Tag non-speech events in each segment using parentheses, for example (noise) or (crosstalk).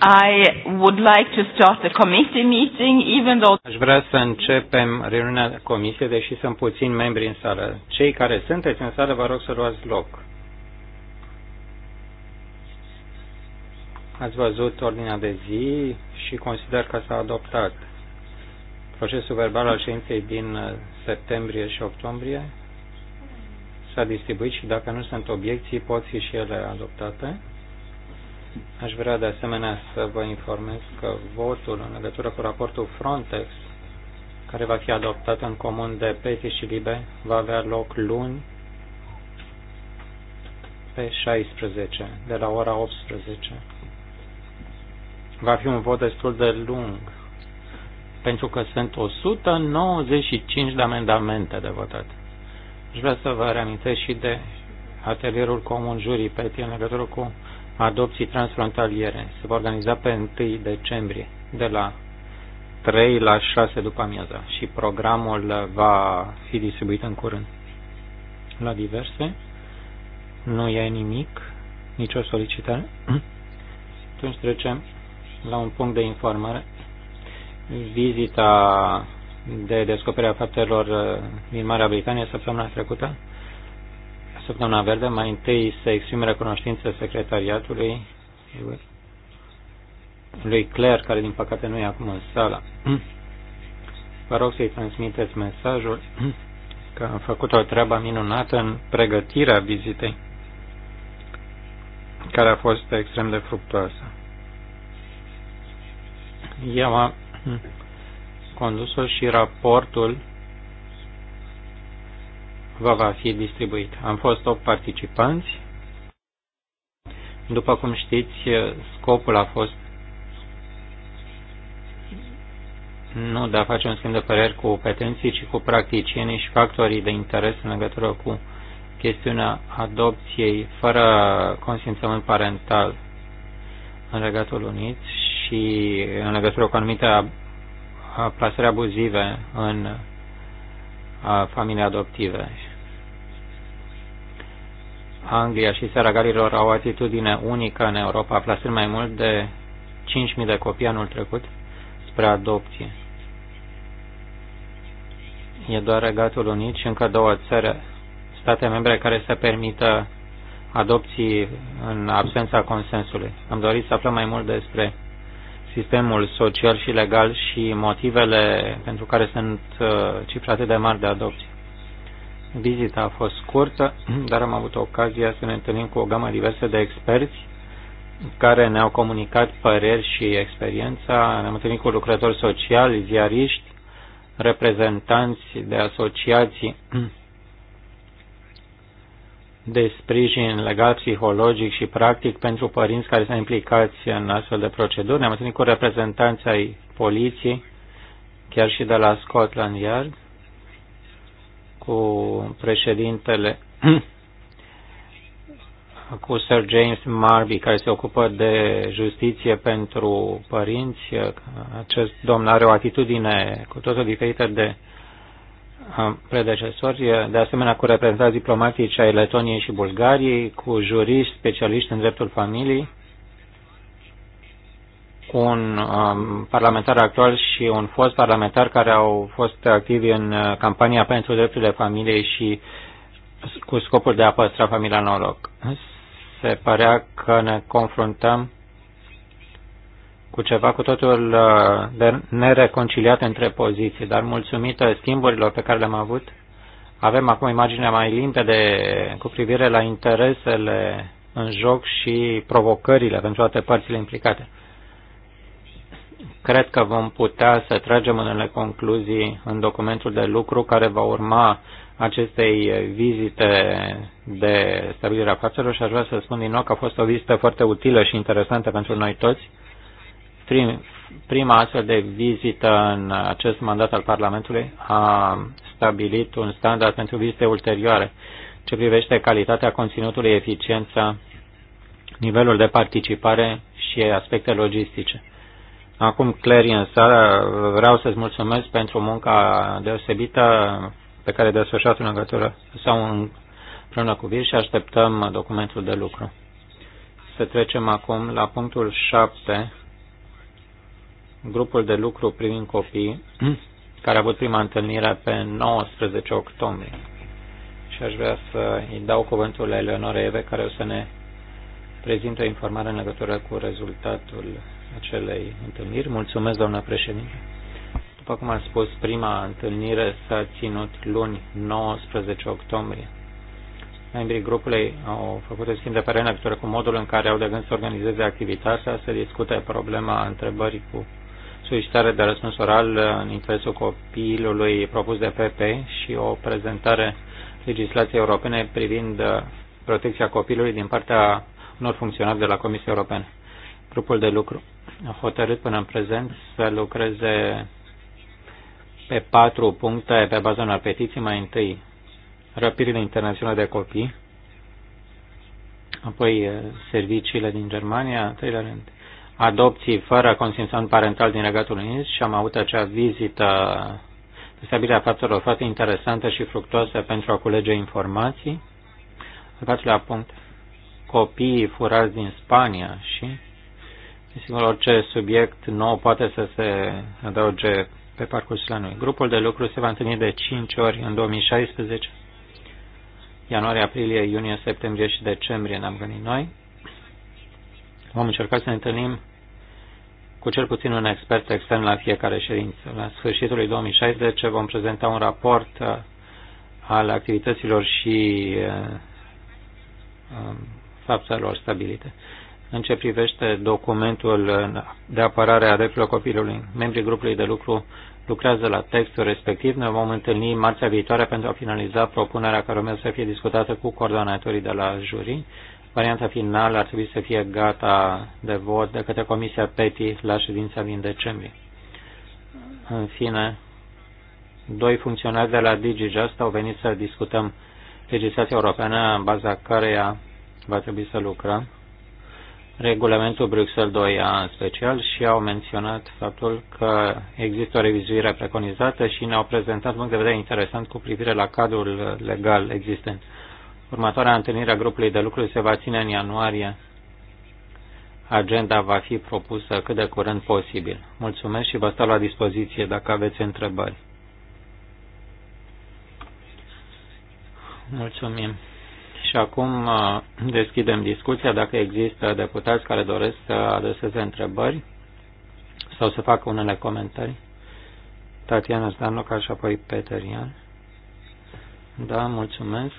I would like to start the committee meeting, even though... Aș vrea să începem reuniunea comisiei, deși sunt puțini membri în sală. Cei care sunteți în sală, vă rog să luați loc. Ați văzut ordinea de zi și consider că s-a adoptat procesul verbal al ședinței din uh, septembrie și octombrie. S-a distribuit și dacă nu sunt obiecții, pot fi și ele adoptate. Aș vrea de asemenea să vă informez că votul în legătură cu raportul Frontex, care va fi adoptat în comun de Peti și Libe, va avea loc luni pe 16, de la ora 18. Va fi un vot destul de lung, pentru că sunt 195 de amendamente de votat. Aș vrea să vă reamintesc și de atelierul comun jurii Peti în legătură cu adopții transfrontaliere. Se va organiza pe 1 decembrie, de la 3 la 6 după amiază și programul va fi distribuit în curând. La diverse nu e nimic, nicio solicitare. (clears throat) Atunci trecem la un punct de informare. Vizita de descoperire a faptelor uh, din Marea Britanie săptămâna trecută Săptămâna Verde, mai întâi să exprim recunoștință secretariatului lui Claire, care din păcate nu e acum în sală. Vă rog să-i transmiteți mesajul că am făcut o treabă minunată în pregătirea vizitei, care a fost extrem de fructoasă. Eu am condus-o și raportul vă va fi distribuit. Am fost 8 participanți. După cum știți, scopul a fost nu de a face un schimb de păreri cu petenții, ci cu practicienii și factorii de interes în legătură cu chestiunea adopției fără consimțământ parental în Regatul Unit și în legătură cu anumite plasări abuzive în familii adoptive. Anglia și Seara Galilor au o atitudine unică în Europa, plasând mai mult de 5.000 de copii anul trecut spre adopție. E doar Regatul Unit și încă două țări, state membre care să permită adopții în absența consensului. Am dorit să aflăm mai mult despre sistemul social și legal și motivele pentru care sunt uh, cifre atât de mari de adopții. Vizita a fost scurtă, (clears throat) dar am avut ocazia să ne întâlnim cu o gamă diversă de experți care ne-au comunicat păreri și experiența. Ne-am întâlnit cu lucrători sociali, ziariști, reprezentanți de asociații (clears throat) de sprijin legal, psihologic și practic pentru părinți care sunt implicați în astfel de proceduri. Ne-am întâlnit cu reprezentanții ai poliției, chiar și de la Scotland Yard cu președintele, (clears throat) cu Sir James Marby, care se ocupă de justiție pentru părinți. Acest domn are o atitudine cu totul diferită de uh, predecesori, de asemenea cu reprezentanți diplomatici ai Letoniei și Bulgariei, cu juriști specialiști în dreptul familiei, un um, parlamentar actual și un fost parlamentar care au fost activi în uh, campania pentru drepturile familiei și cu scopul de a păstra familia în loc. Se părea că ne confruntăm cu ceva cu totul uh, de nereconciliat între poziții, dar mulțumită schimburilor pe care le-am avut, avem acum imaginea mai limpede cu privire la interesele în joc și provocările pentru toate părțile implicate. Cred că vom putea să tragem unele concluzii în documentul de lucru care va urma acestei vizite de stabilire a afacerilor și aș vrea să spun din nou că a fost o vizită foarte utilă și interesantă pentru noi toți. Prim, prima astfel de vizită în acest mandat al Parlamentului a stabilit un standard pentru vizite ulterioare ce privește calitatea conținutului, eficiența, nivelul de participare și aspecte logistice. Acum, Clary, însă, vreau să-ți mulțumesc pentru munca deosebită pe care de desfășurat în legătură sau în prână cu vir și așteptăm documentul de lucru. Să trecem acum la punctul 7, grupul de lucru privind copii, (clears throat) care a avut prima întâlnire pe 19 octombrie. Și aș vrea să îi dau cuvântul la Eleonora Eve, care o să ne prezintă o informare în legătură cu rezultatul acelei întâlniri. Mulțumesc, doamna președinte. După cum am spus, prima întâlnire s-a ținut luni 19 octombrie. Membrii grupului au făcut o schimb de părere în cu modul în care au de gând să organizeze activitatea, să discute problema întrebării cu solicitare de răspuns oral în interesul copilului propus de PP și o prezentare legislației europene privind uh, protecția copilului din partea unor funcționari de la Comisia Europeană. Grupul de lucru a hotărât până în prezent să lucreze pe patru puncte pe baza unor petiții. Mai întâi, răpirile internaționale de copii, apoi eh, serviciile din Germania, treilea rând, adopții fără consimțământ parental din Regatul Unit și am avut acea vizită de stabilirea faptelor foarte interesantă și fructoasă pentru a culege informații. Al patrulea punct, copiii furați din Spania și și orice subiect nou poate să se adauge pe parcursul anului. Grupul de lucru se va întâlni de 5 ori în 2016, ianuarie, aprilie, iunie, septembrie și decembrie ne-am gândit noi. Vom încerca să ne întâlnim cu cel puțin un expert extern la fiecare ședință. La sfârșitul lui 2016 vom prezenta un raport uh, al activităților și uh, um, faptelor stabilite în ce privește documentul de apărare a drepturilor copilului. Membrii grupului de lucru lucrează la textul respectiv. Ne vom întâlni marțea viitoare pentru a finaliza propunerea care urmează să fie discutată cu coordonatorii de la juri. Varianta finală ar trebui să fie gata de vot de către Comisia PETI la ședința din decembrie. În fine, doi funcționari de la DigiJust au venit să discutăm legislația europeană în baza căreia va trebui să lucrăm regulamentul Bruxelles 2A în special și au menționat faptul că există o revizuire preconizată și ne-au prezentat punct de vedere interesant cu privire la cadrul legal existent. Următoarea întâlnire a grupului de lucru se va ține în ianuarie. Agenda va fi propusă cât de curând posibil. Mulțumesc și vă stau la dispoziție dacă aveți întrebări. Mulțumim. Și acum uh, deschidem discuția dacă există deputați care doresc să adreseze întrebări sau să facă unele comentarii. Tatiana Zdanoca și apoi Peter Ian. Da, mulțumesc.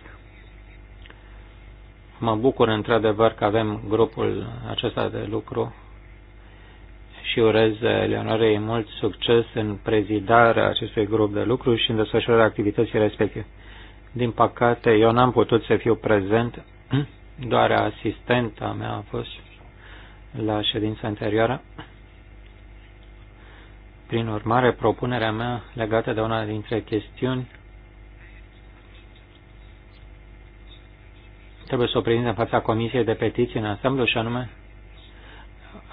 Mă bucur într-adevăr că avem grupul acesta de lucru și urez Leonorei mult succes în prezidarea acestui grup de lucru și în desfășurarea activității respective. Din păcate, eu n-am putut să fiu prezent, (clears throat) doar asistenta mea a fost la ședința anterioară. Prin urmare, propunerea mea legată de una dintre chestiuni trebuie să o prezint în fața Comisiei de Petiții în Asamblu și anume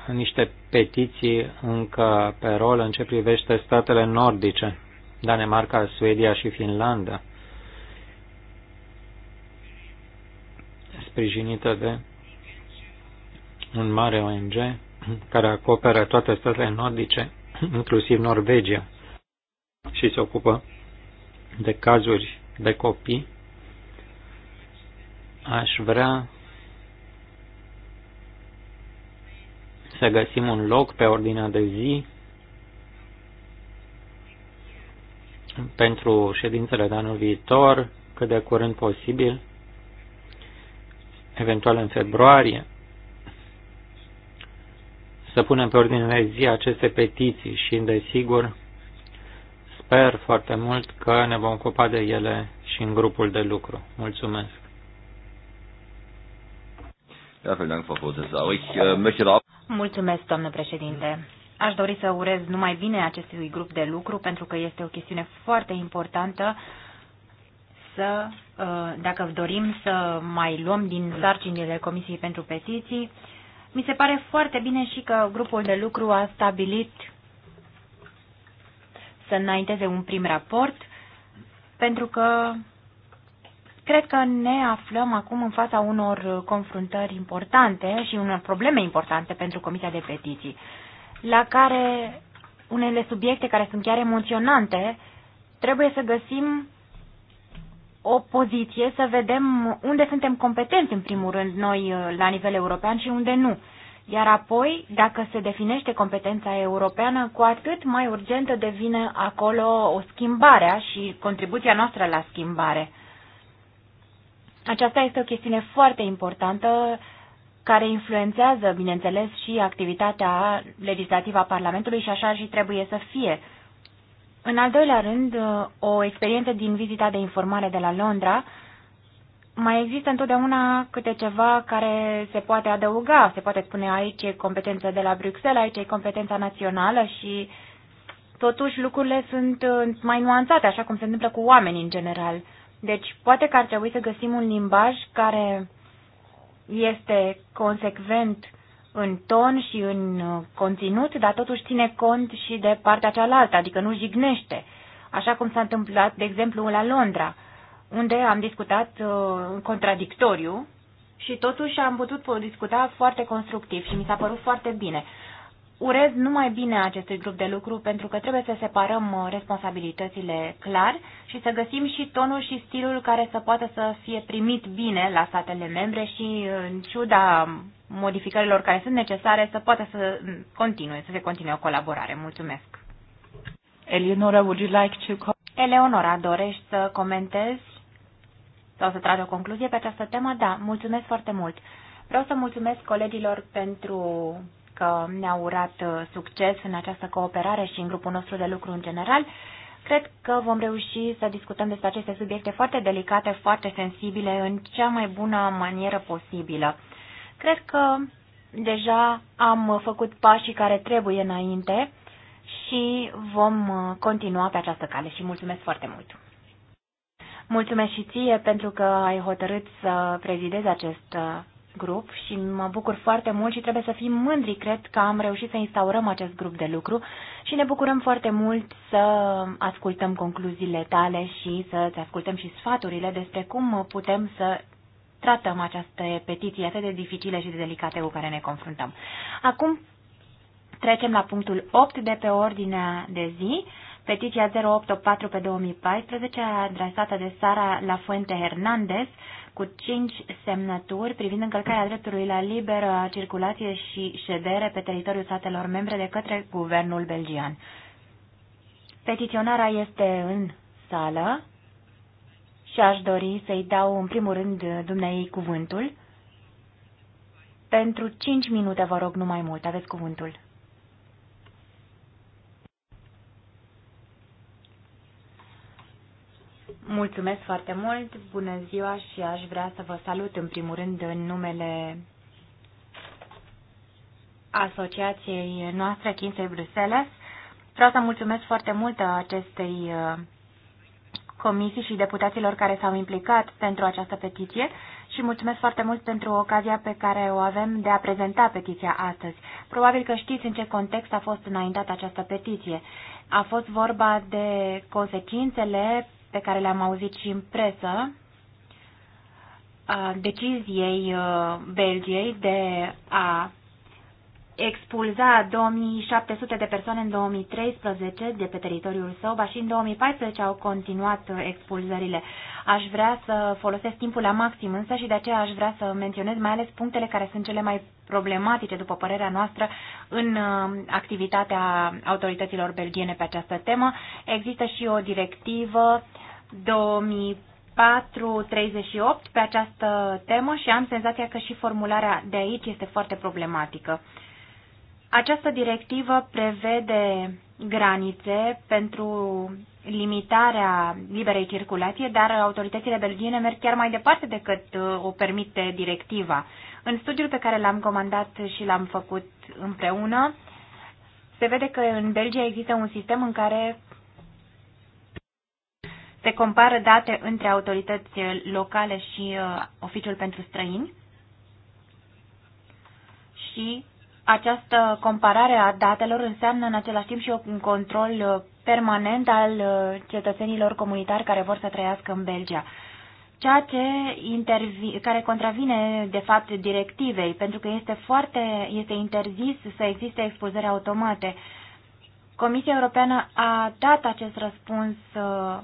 niște petiții încă pe rol în ce privește statele nordice, Danemarca, Suedia și Finlanda sprijinită de un mare ONG care acoperă toate statele nordice, inclusiv Norvegia, și se ocupă de cazuri de copii. Aș vrea să găsim un loc pe ordinea de zi pentru ședințele de anul viitor, cât de curând posibil, eventual în februarie, să punem pe ordine de zi aceste petiții și, desigur, sper foarte mult că ne vom ocupa de ele și în grupul de lucru. Mulțumesc! Äh, da Mulțumesc, domnule președinte. Aș dori să urez numai bine acestui grup de lucru, pentru că este o chestiune foarte importantă să, uh, dacă dorim să mai luăm din sarcinile Comisiei pentru Petiții, mi se pare foarte bine și că grupul de lucru a stabilit să înainteze un prim raport, pentru că cred că ne aflăm acum în fața unor confruntări importante și unor probleme importante pentru Comisia de Petiții, la care unele subiecte care sunt chiar emoționante, trebuie să găsim o poziție să vedem unde suntem competenți, în primul rând, noi uh, la nivel european și unde nu. Iar apoi, dacă se definește competența europeană, cu atât mai urgentă devine acolo o schimbare și contribuția noastră la schimbare. Aceasta este o chestiune foarte importantă care influențează, bineînțeles, și activitatea legislativă a Parlamentului și așa și trebuie să fie. În al doilea rând, uh, o experiență din vizita de informare de la Londra, mai există întotdeauna câte ceva care se poate adăuga. Se poate spune aici e competență de la Bruxelles, aici e competența națională și totuși lucrurile sunt uh, mai nuanțate, așa cum se întâmplă cu oamenii în general. Deci poate că ar trebui să găsim un limbaj care este consecvent în ton și în uh, conținut, dar totuși ține cont și de partea cealaltă, adică nu jignește, așa cum s-a întâmplat, de exemplu, la Londra, unde am discutat uh, contradictoriu și totuși am putut discuta foarte constructiv și mi s-a părut foarte bine urez numai bine acestui grup de lucru pentru că trebuie să separăm uh, responsabilitățile clar și să găsim și tonul și stilul care să poată să fie primit bine la statele membre și uh, în ciuda modificărilor care sunt necesare să poată să mm, continue, să se continue o colaborare. Mulțumesc. Eleonora, would you like to Eleonora, dorești să comentezi sau să tragi o concluzie pe această temă? Da, mulțumesc foarte mult. Vreau să mulțumesc colegilor pentru că ne-a urat uh, succes în această cooperare și în grupul nostru de lucru în general. Cred că vom reuși să discutăm despre aceste subiecte foarte delicate, foarte sensibile, în cea mai bună manieră posibilă. Cred că deja am făcut pașii care trebuie înainte și vom uh, continua pe această cale și mulțumesc foarte mult! Mulțumesc și ție pentru că ai hotărât să prezidezi acest uh, grup și mă bucur foarte mult și trebuie să fim mândri, cred că am reușit să instaurăm acest grup de lucru și ne bucurăm foarte mult să ascultăm concluziile tale și să-ți ascultăm și sfaturile despre cum putem să tratăm aceste petiții atât de dificile și de delicate cu care ne confruntăm. Acum trecem la punctul 8 de pe ordinea de zi. Petiția 084 pe 2014 adresată de Sara Lafuente Hernandez cu cinci semnături privind încălcarea dreptului la liberă circulație și ședere pe teritoriul statelor membre de către guvernul belgian. Petiționarea este în sală și aș dori să-i dau în primul rând dumneei cuvântul. Pentru cinci minute, vă rog, nu mai mult. Aveți cuvântul. Mulțumesc foarte mult, bună ziua și aș vrea să vă salut în primul rând în numele asociației noastre, Chinsei Bruxelles. Vreau să mulțumesc foarte mult acestei uh, comisii și deputaților care s-au implicat pentru această petiție și mulțumesc foarte mult pentru ocazia pe care o avem de a prezenta petiția astăzi. Probabil că știți în ce context a fost înaintată această petiție. A fost vorba de consecințele pe care le-am auzit și în presă, a deciziei Belgiei de a expulza 2700 de persoane în 2013 de pe teritoriul său, ba și în 2014 au continuat expulzările. Aș vrea să folosesc timpul la maxim însă și de aceea aș vrea să menționez mai ales punctele care sunt cele mai problematice, după părerea noastră, în activitatea autorităților belgiene pe această temă. Există și o directivă uh, 2004-38 pe această temă și am senzația că și formularea de aici este foarte problematică. Această directivă prevede granițe pentru limitarea liberei circulație, dar autoritățile belgiene merg chiar mai departe decât uh, o permite directiva. În studiul pe care l-am comandat și l-am făcut împreună, se vede că în Belgia există un sistem în care se compară date între autorități locale și uh, Oficiul pentru Străini și această comparare a datelor înseamnă în același timp și un control uh, permanent al uh, cetățenilor comunitari care vor să trăiască în Belgia ceea ce care contravine de fapt directivei, pentru că este foarte este interzis să existe expozări automate. Comisia Europeană a dat acest răspuns uh,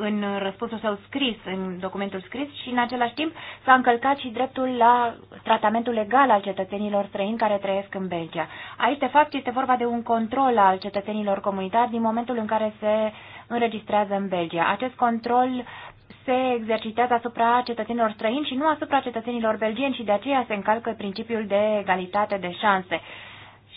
în răspunsul său scris, în documentul scris și în același timp s-a încălcat și dreptul la tratamentul legal al cetățenilor străini care trăiesc în Belgia. Aici, de fapt, este vorba de un control al cetățenilor comunitari din momentul în care se înregistrează în Belgia. Acest control se exercitează asupra cetățenilor străini și nu asupra cetățenilor belgieni și de aceea se încalcă principiul de egalitate de șanse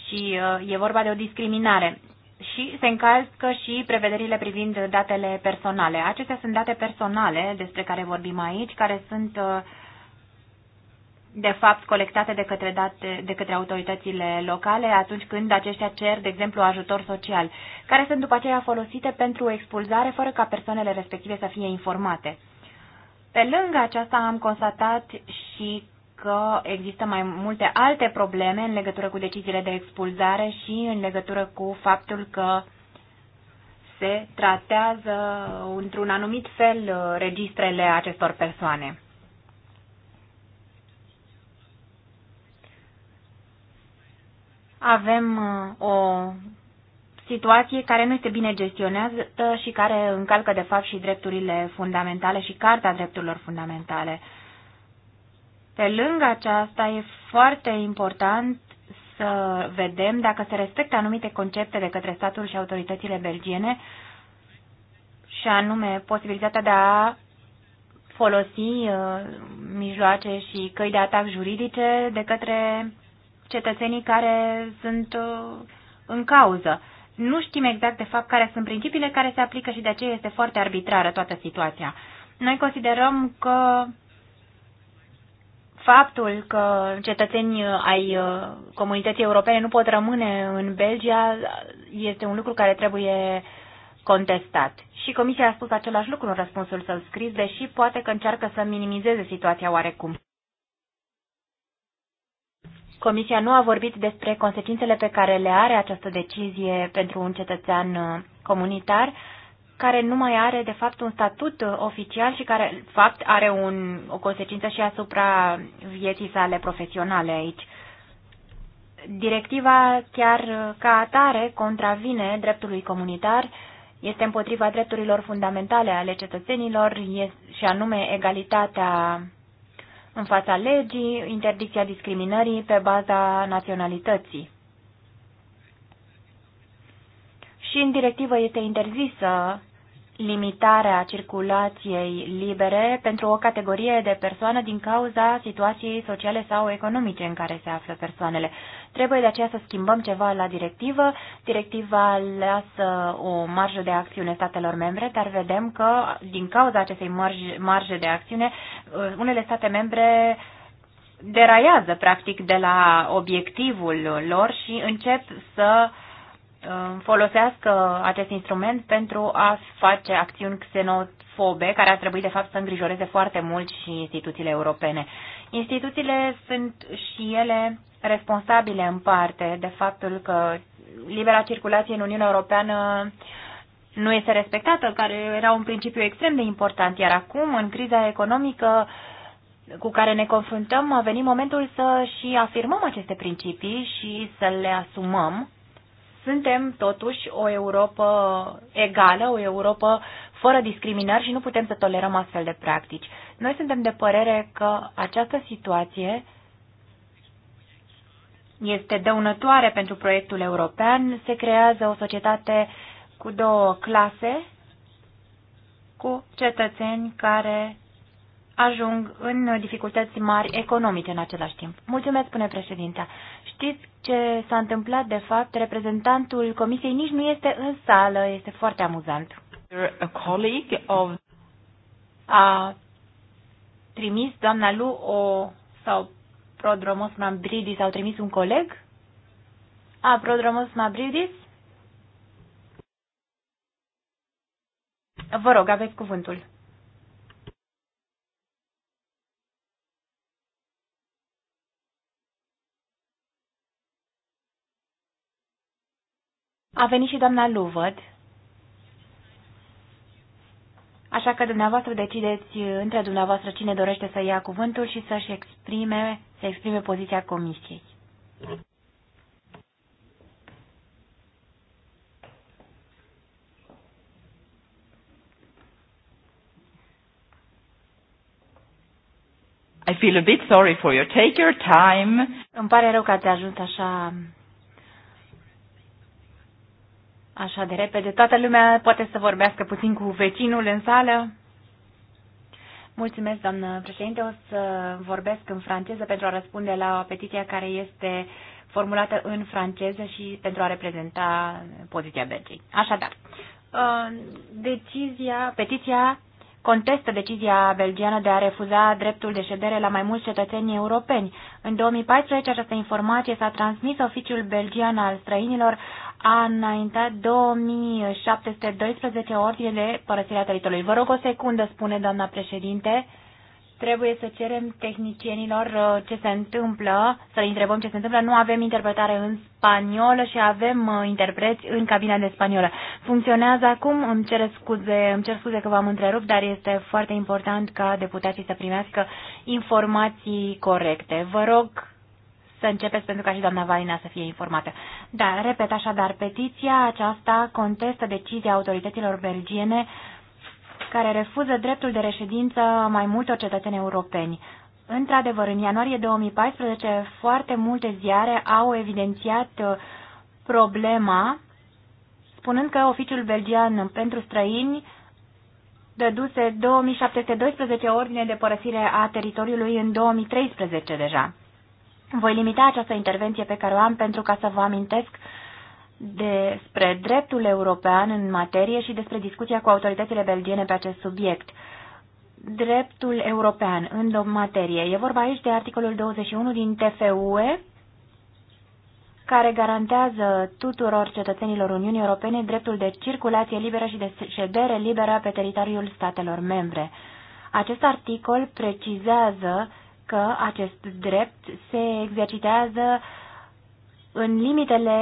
și uh, e vorba de o discriminare și se încalcă și prevederile privind datele personale. Acestea sunt date personale despre care vorbim aici, care sunt uh, de fapt colectate de către, date, de către autoritățile locale atunci când aceștia cer, de exemplu, ajutor social, care sunt după aceea folosite pentru expulzare fără ca persoanele respective să fie informate. Pe lângă aceasta am constatat și că există mai multe alte probleme în legătură cu deciziile de expulzare și în legătură cu faptul că se tratează într-un anumit fel registrele acestor persoane. Avem uh, o situație care nu este bine gestionată și care încalcă de fapt și drepturile fundamentale și Carta Drepturilor Fundamentale. Pe lângă aceasta, e foarte important să vedem dacă se respectă anumite concepte de către statul și autoritățile belgiene, și anume posibilitatea de a folosi uh, mijloace și căi de atac juridice de către cetățenii care sunt uh, în cauză. Nu știm exact, de fapt, care sunt principiile care se aplică și de aceea este foarte arbitrară toată situația. Noi considerăm că faptul că cetățenii ai uh, comunității europene nu pot rămâne în Belgia este un lucru care trebuie contestat. Și Comisia a spus același lucru în răspunsul său scris, deși poate că încearcă să minimizeze situația oarecum. Comisia nu a vorbit despre consecințele pe care le are această decizie pentru un cetățean uh, comunitar, care nu mai are de fapt un statut uh, oficial și care de fapt are un, o consecință și asupra vieții sale profesionale aici. Directiva chiar uh, ca atare contravine dreptului comunitar, este împotriva drepturilor fundamentale ale cetățenilor și anume egalitatea în fața legii, interdicția discriminării pe baza naționalității. Și în directivă este interzisă limitarea circulației libere pentru o categorie de persoană din cauza situației sociale sau economice în care se află persoanele. Trebuie de aceea să schimbăm ceva la directivă. Directiva lasă o marjă de acțiune statelor membre, dar vedem că din cauza acestei marje, de acțiune, uh, unele state membre deraiază practic de la obiectivul lor și încep să Um, folosească acest instrument pentru a face acțiuni xenofobe, care ar trebui de fapt să îngrijoreze foarte mult și instituțiile europene. Instituțiile sunt și ele responsabile în parte de faptul că libera circulație în Uniunea Europeană nu este respectată, care era un principiu extrem de important, iar acum, în criza economică, cu care ne confruntăm, a venit momentul să și afirmăm aceste principii și să le asumăm suntem totuși o Europa egală, o Europa fără discriminări și nu putem să tolerăm astfel de practici. Noi suntem de părere că această situație este dăunătoare pentru proiectul european. Se creează o societate cu două clase, cu cetățeni care ajung în dificultăți mari economice în același timp. Mulțumesc, spune președinta. Știți ce s-a întâmplat, de fapt? Reprezentantul comisiei nici nu este în sală, este foarte amuzant. A colleague of... a trimis doamna Lu o, sau Prodromos Mabridis, au trimis un coleg? A, Prodromos Mabridis? Vă rog, aveți cuvântul. A venit și doamna Luvăd. Așa că dumneavoastră decideți între dumneavoastră cine dorește să ia cuvântul și să-și exprime, să exprime poziția comisiei. I feel a bit sorry for you. Take your time. Îmi pare rău că ați ajuns așa așa de repede. Toată lumea poate să vorbească puțin cu vecinul în sală. Mulțumesc, doamnă președinte. O să vorbesc în franceză pentru a răspunde la petiția care este formulată în franceză și pentru a reprezenta poziția Belgiei. Așadar, uh, decizia, petiția contestă decizia belgiană de a refuza dreptul de ședere la mai mulți cetățeni europeni. În 2014, această informație s-a transmis oficiul belgian al străinilor, a înaintat 2712 ordine de părăsire a teritoriului. Vă rog o secundă, spune doamna președinte trebuie să cerem tehnicienilor uh, ce se întâmplă, să întrebăm ce se întâmplă. Nu avem interpretare în spaniolă și avem uh, interpreți în cabina de spaniolă. Funcționează acum, îmi cer scuze, îmi cer scuze că v-am întrerupt, dar este foarte important ca deputații să primească informații corecte. Vă rog să începeți pentru ca și doamna Valina să fie informată. Da, repet așadar, petiția aceasta contestă decizia autorităților belgiene care refuză dreptul de reședință mai multor cetățeni europeni. Într-adevăr, în ianuarie 2014, foarte multe ziare au evidențiat uh, problema, spunând că oficiul belgian pentru străini dăduse 2712 ordine de părăsire a teritoriului în 2013 deja. Voi limita această intervenție pe care o am pentru ca să vă amintesc despre dreptul european în materie și despre discuția cu autoritățile belgiene pe acest subiect. Dreptul european în materie. E vorba aici de articolul 21 din TFUE, care garantează tuturor cetățenilor Uniunii Europene dreptul de circulație liberă și de ședere liberă pe teritoriul statelor membre. Acest articol precizează că acest drept se exercitează în limitele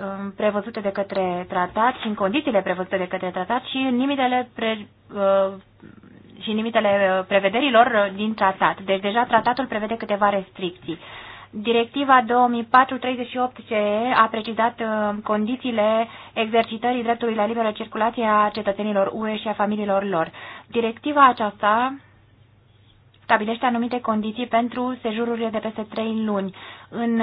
um, prevăzute de către tratat și în condițiile prevăzute de către tratat și în limitele pre, uh, și în limitele uh, prevederilor din tratat. Deci deja tratatul prevede câteva restricții. Directiva 2438CE a precizat uh, condițiile exercitării dreptului la liberă circulație a cetățenilor UE și a familiilor lor. Directiva aceasta stabilește anumite condiții pentru sejururile de peste 3 luni. În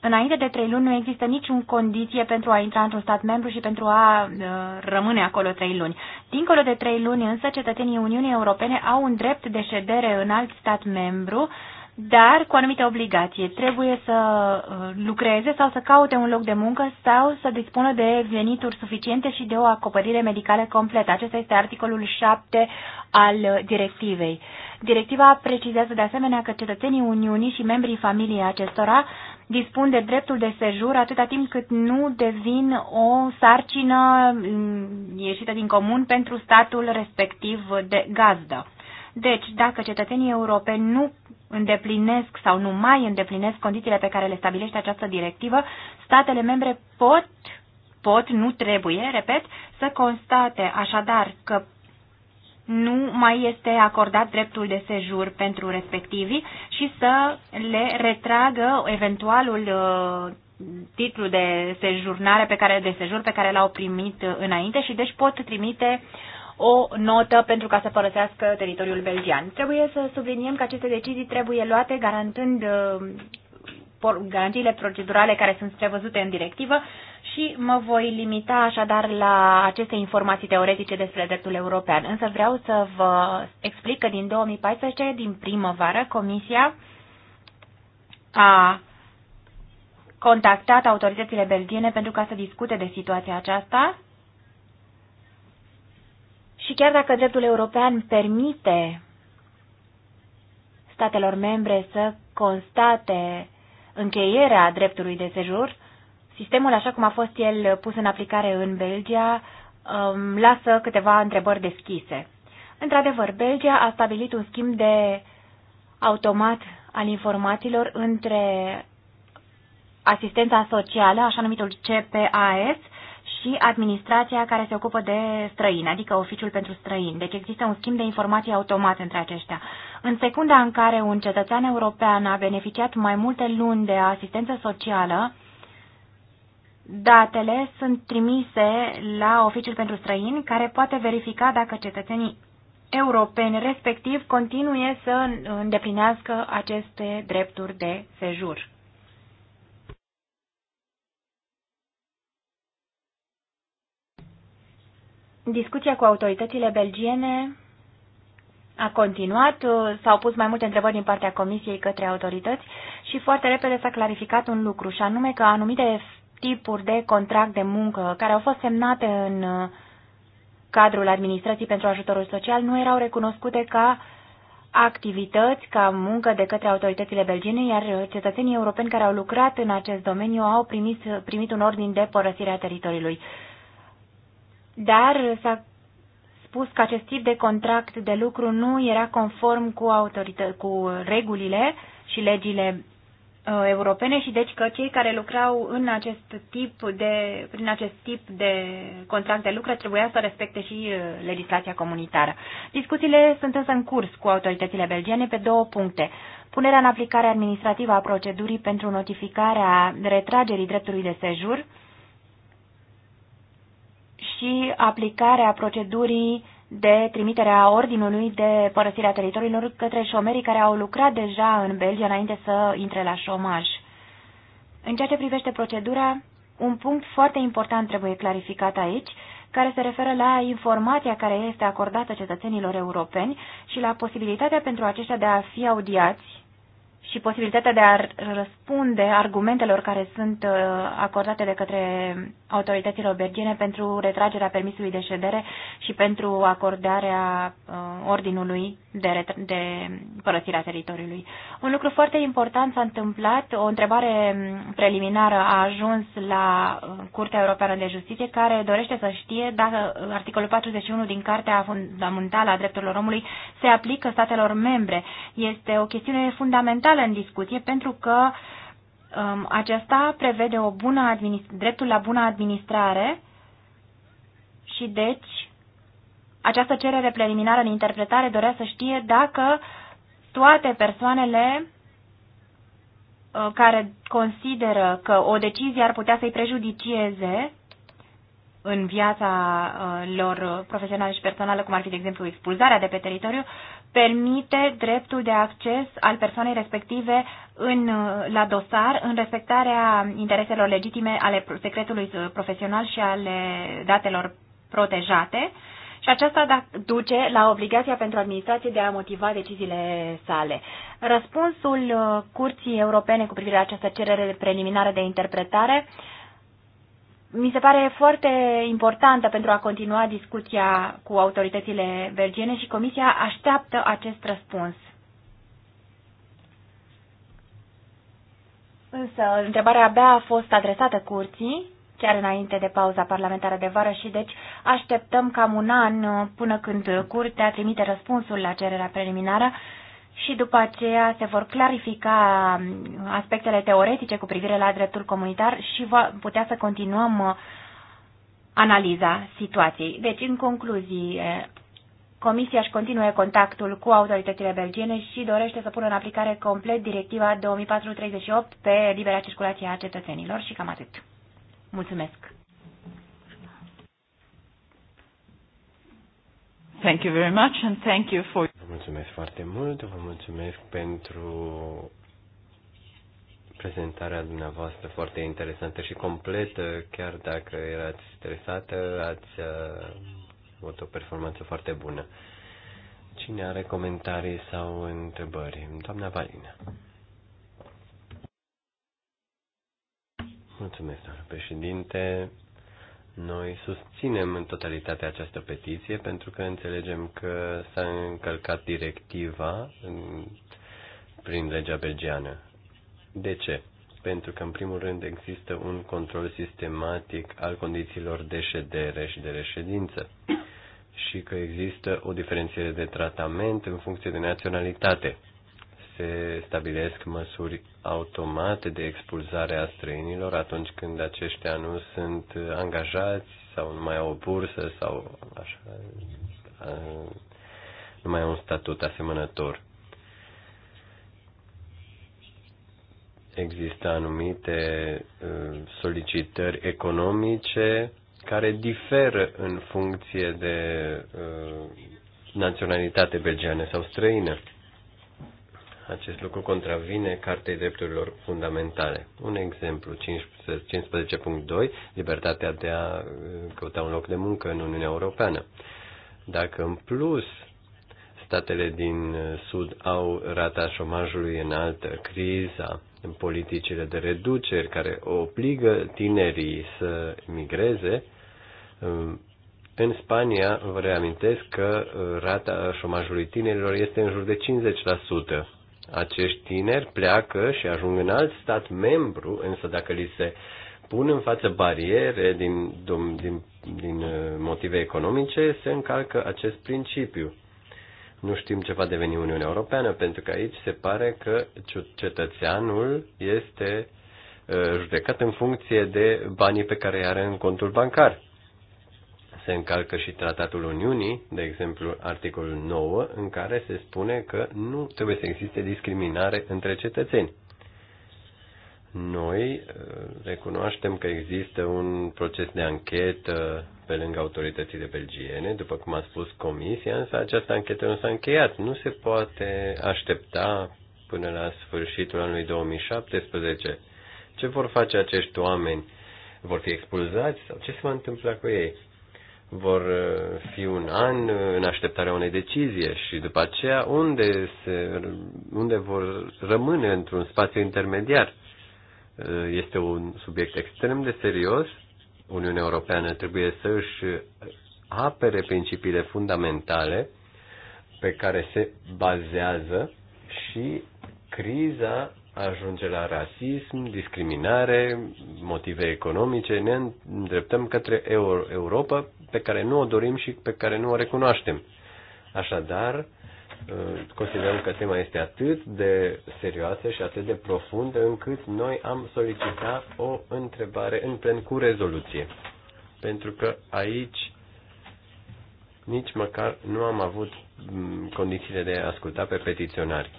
Înainte de trei luni nu există niciun condiție pentru a intra într-un stat membru și pentru a uh, rămâne acolo trei luni. Dincolo de trei luni însă, cetățenii Uniunii Europene au un drept de ședere în alt stat membru, dar cu anumite obligații. Trebuie să uh, lucreze sau să caute un loc de muncă sau să dispună de venituri suficiente și de o acoperire medicală completă. Acesta este articolul 7 al directivei. Directiva precizează de asemenea că cetățenii Uniunii și membrii familiei acestora dispun de dreptul de sejur atâta timp cât nu devin o sarcină mm, ieșită din comun pentru statul respectiv de gazdă. Deci, dacă cetățenii europeni nu îndeplinesc sau nu mai îndeplinesc condițiile pe care le stabilește această directivă, statele membre pot, pot, nu trebuie, repet, să constate așadar că nu mai este acordat dreptul de sejur pentru respectivii și să le retragă eventualul uh, titlu de sejurnare pe care de sejur pe care l-au primit uh, înainte și deci pot trimite o notă pentru ca să părăsească teritoriul belgian. Trebuie să subliniem că aceste decizii trebuie luate garantând uh, garanțiile procedurale care sunt prevăzute în directivă și mă voi limita așadar la aceste informații teoretice despre dreptul european. Însă vreau să vă explic că din 2014, din primăvară, Comisia a contactat autoritățile belgiene pentru ca să discute de situația aceasta și chiar dacă dreptul european permite statelor membre să constate încheierea dreptului de sejur, sistemul așa cum a fost el pus în aplicare în Belgia um, lasă câteva întrebări deschise. Într-adevăr, Belgia a stabilit un schimb de automat al informațiilor între asistența socială, așa numitul CPAS, și administrația care se ocupă de străini, adică oficiul pentru străini. Deci există un schimb de informații automat între aceștia. În secunda în care un cetățean european a beneficiat mai multe luni de asistență socială, datele sunt trimise la Oficiul pentru Străini, care poate verifica dacă cetățenii europeni respectiv continuă să îndeplinească aceste drepturi de sejur. Discuția cu autoritățile belgiene a continuat, uh, s-au pus mai multe întrebări din partea Comisiei către autorități și foarte repede s-a clarificat un lucru, și anume că anumite tipuri de contract de muncă care au fost semnate în uh, cadrul administrației pentru ajutorul social nu erau recunoscute ca activități, ca muncă de către autoritățile belgiene, iar cetățenii europeni care au lucrat în acest domeniu au primit, primit un ordin de părăsire a teritoriului. Dar s-a spus că acest tip de contract de lucru nu era conform cu, autorită- cu regulile și legile ă, europene și deci că cei care lucrau în acest tip de, prin acest tip de contract de lucru trebuia să respecte și ă, legislația comunitară. Discuțiile sunt însă în curs cu autoritățile belgiene pe două puncte. Punerea în aplicare administrativă a procedurii pentru notificarea retragerii dreptului de sejur și aplicarea procedurii de trimitere a ordinului de părăsire a teritoriilor către șomerii care au lucrat deja în Belgia înainte să intre la șomaj. În ceea ce privește procedura, un punct foarte important trebuie clarificat aici, care se referă la informația care este acordată cetățenilor europeni și la posibilitatea pentru aceștia de a fi audiați și posibilitatea de a răspunde argumentelor care sunt uh, acordate de către autoritățile obergine pentru retragerea permisului de ședere și pentru acordarea uh, ordinului de, de părăsirea teritoriului. Un lucru foarte important s-a întâmplat, o întrebare mm, preliminară a ajuns la uh, Curtea Europeană de Justiție care dorește să știe dacă articolul 41 din Cartea Fundamentală a Drepturilor Omului se aplică statelor membre. Este o chestiune fundamentală principală în discuție pentru că um, aceasta prevede o bună dreptul la bună administrare și deci această cerere preliminară de interpretare dorea să știe dacă toate persoanele uh, care consideră că o decizie ar putea să-i prejudicieze în viața uh, lor profesională și personală, cum ar fi, de exemplu, expulzarea de pe teritoriu, permite dreptul de acces al persoanei respective în, uh, la dosar în respectarea intereselor legitime ale secretului uh, profesional și ale datelor protejate și aceasta da, duce la obligația pentru administrație de a motiva deciziile sale. Răspunsul Curții Europene cu privire la această cerere preliminară de interpretare uh, mi se pare foarte importantă pentru a continua discuția cu autoritățile belgiene și Comisia așteaptă acest răspuns. Însă, întrebarea abia a fost adresată curții, chiar înainte de pauza parlamentară de vară și deci așteptăm cam un an până când curtea trimite răspunsul la cererea preliminară și după aceea se vor clarifica um, aspectele teoretice cu privire la dreptul comunitar și va putea să continuăm uh, analiza situației. Deci, în concluzie, Comisia își continuă contactul cu autoritățile belgiene și dorește să pună în aplicare complet directiva 2438 pe libera circulație a cetățenilor și cam atât. Mulțumesc! Thank you very much and thank you for... Vă mulțumesc foarte mult, vă mulțumesc pentru prezentarea dumneavoastră foarte interesantă și completă, chiar dacă erați stresată, ați uh, avut o performanță foarte bună. Cine are comentarii sau întrebări? Doamna Valina. Mulțumesc, doamnă președinte. Noi susținem în totalitate această petiție pentru că înțelegem că s-a încălcat directiva în, prin legea belgiană. De ce? Pentru că, în primul rând, există un control sistematic al condițiilor de ședere și de reședință și că există o diferențiere de tratament în funcție de naționalitate se stabilesc măsuri automate de expulzare a străinilor atunci când aceștia nu sunt angajați sau nu mai au o bursă sau așa, nu mai au un statut asemănător. Există anumite solicitări economice care diferă în funcție de naționalitate belgeană sau străină. Acest lucru contravine Cartei Drepturilor Fundamentale. Un exemplu, 15.2, libertatea de a uh, căuta un loc de muncă în Uniunea Europeană. Dacă în plus statele din uh, Sud au rata șomajului înaltă, criza, politicile de reduceri care obligă tinerii să migreze, uh, în Spania, vă reamintesc că rata șomajului tinerilor este în jur de acești tineri pleacă și ajung în alt stat membru, însă dacă li se pun în față bariere din, din, din uh, motive economice, se încalcă acest principiu. Nu știm ce va deveni Uniunea Europeană, pentru că aici se pare că cetățeanul este uh, judecat în funcție de banii pe care îi are în contul bancar se încalcă și Tratatul Uniunii, de exemplu articolul 9, în care se spune că nu trebuie să existe discriminare între cetățeni. Noi uh, recunoaștem că există un proces de anchetă pe lângă autoritățile belgiene, după cum a spus Comisia, însă această anchetă nu s-a încheiat. Nu se poate aștepta până la sfârșitul anului 2017. Ce vor face acești oameni? Vor fi expulzați sau ce se va întâmpla cu ei? vor uh, fi un an uh, în așteptarea unei decizie și după aceea unde, se, unde vor rămâne într-un spațiu intermediar. Uh, este un subiect extrem de serios. Uniunea Europeană trebuie să își apere principiile fundamentale pe care se bazează și criza ajunge la rasism, discriminare, motive economice, ne îndreptăm către Europa pe care nu o dorim și pe care nu o recunoaștem. Așadar, uh, considerăm că tema este atât de serioasă și atât de profundă încât noi am solicitat o întrebare în plen cu rezoluție. Pentru că aici nici măcar nu am avut mm, condițiile de a asculta pe petiționari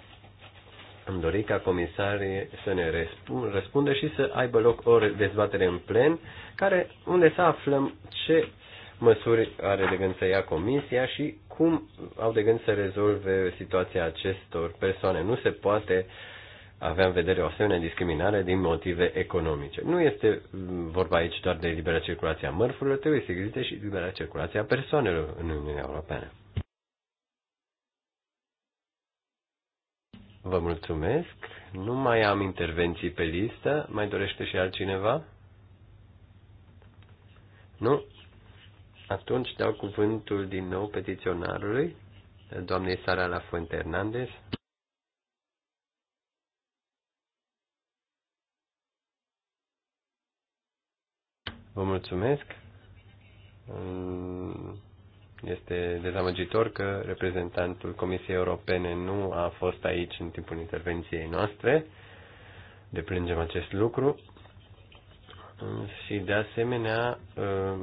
am dorit ca comisarii să ne răspundă și să aibă loc o dezbatere în plen, care, unde să aflăm ce măsuri are de gând să ia comisia și cum au de gând să rezolve situația acestor persoane. Nu se poate avea în vedere o asemenea discriminare din motive economice. Nu este vorba aici doar de libera circulație a mărfurilor, trebuie să existe și libera circulație a persoanelor în Uniunea Europeană. Vă mulțumesc. Nu mai am intervenții pe listă. Mai dorește și altcineva? Nu? Atunci dau cuvântul din nou petiționarului, doamnei Sara La Fuente Hernandez. Vă mulțumesc. Este dezamăgitor că reprezentantul Comisiei Europene nu a fost aici în timpul intervenției noastre. Deplângem acest lucru. Și de asemenea, uh,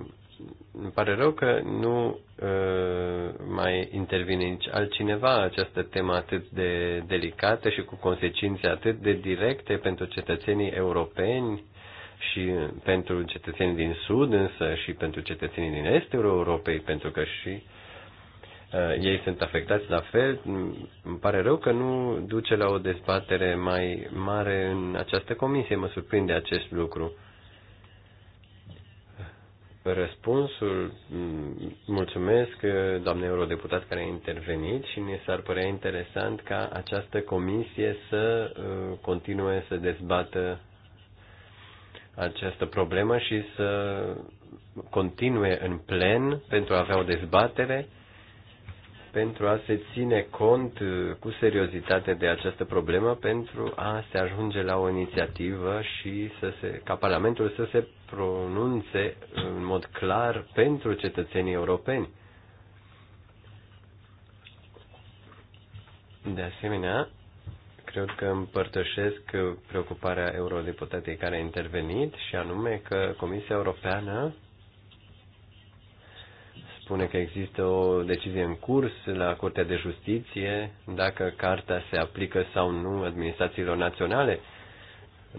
îmi pare rău că nu uh, mai intervine nici altcineva această temă atât de delicată și cu consecințe atât de directe pentru cetățenii europeni și pentru cetățenii din Sud, însă și pentru cetățenii din Estul Europei, pentru că și uh, ei sunt afectați la fel. Mm, îmi pare rău că nu duce la o dezbatere mai mare în această comisie. Mă surprinde acest lucru. Răspunsul, mm, mulțumesc uh, doamnei eurodeputat care a intervenit și ne s-ar părea interesant ca această comisie să uh, continue să dezbată această problemă și să continue în plen pentru a avea o dezbatere, pentru a se ține cont cu seriozitate de această problemă, pentru a se ajunge la o inițiativă și să se, ca Parlamentul să se pronunțe în mod clar pentru cetățenii europeni. De asemenea, cred că împărtășesc preocuparea eurodeputatei care a intervenit și anume că Comisia Europeană spune că există o decizie în curs la Curtea de Justiție dacă carta se aplică sau nu administrațiilor naționale.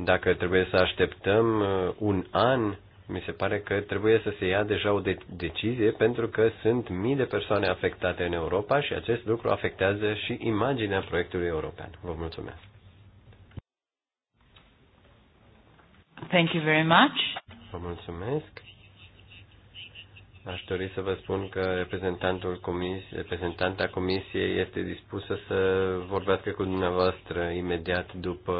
Dacă trebuie să așteptăm uh, un an mi se pare că trebuie să se ia deja o de- decizie pentru că sunt mii de persoane afectate în Europa și acest lucru afectează și imaginea proiectului european. Vă mulțumesc. Thank you very much. Vă mulțumesc. Aș dori să vă spun că reprezentantul comis, reprezentanta comisiei este dispusă să vorbească cu dumneavoastră imediat după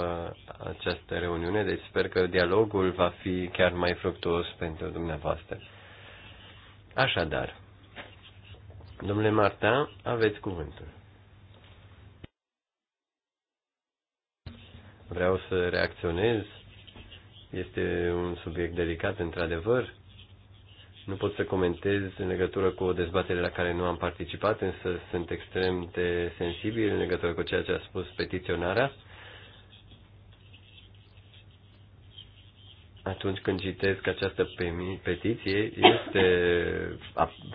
această reuniune, deci sper că dialogul va fi chiar mai fructuos pentru dumneavoastră. Așadar, domnule Marta, aveți cuvântul. Vreau să reacționez. Este un subiect delicat, într-adevăr nu pot să comentez în legătură cu o dezbatere la care nu am participat, însă sunt extrem de sensibil în legătură cu ceea ce a spus petiționarea. Atunci când citesc această petiție, este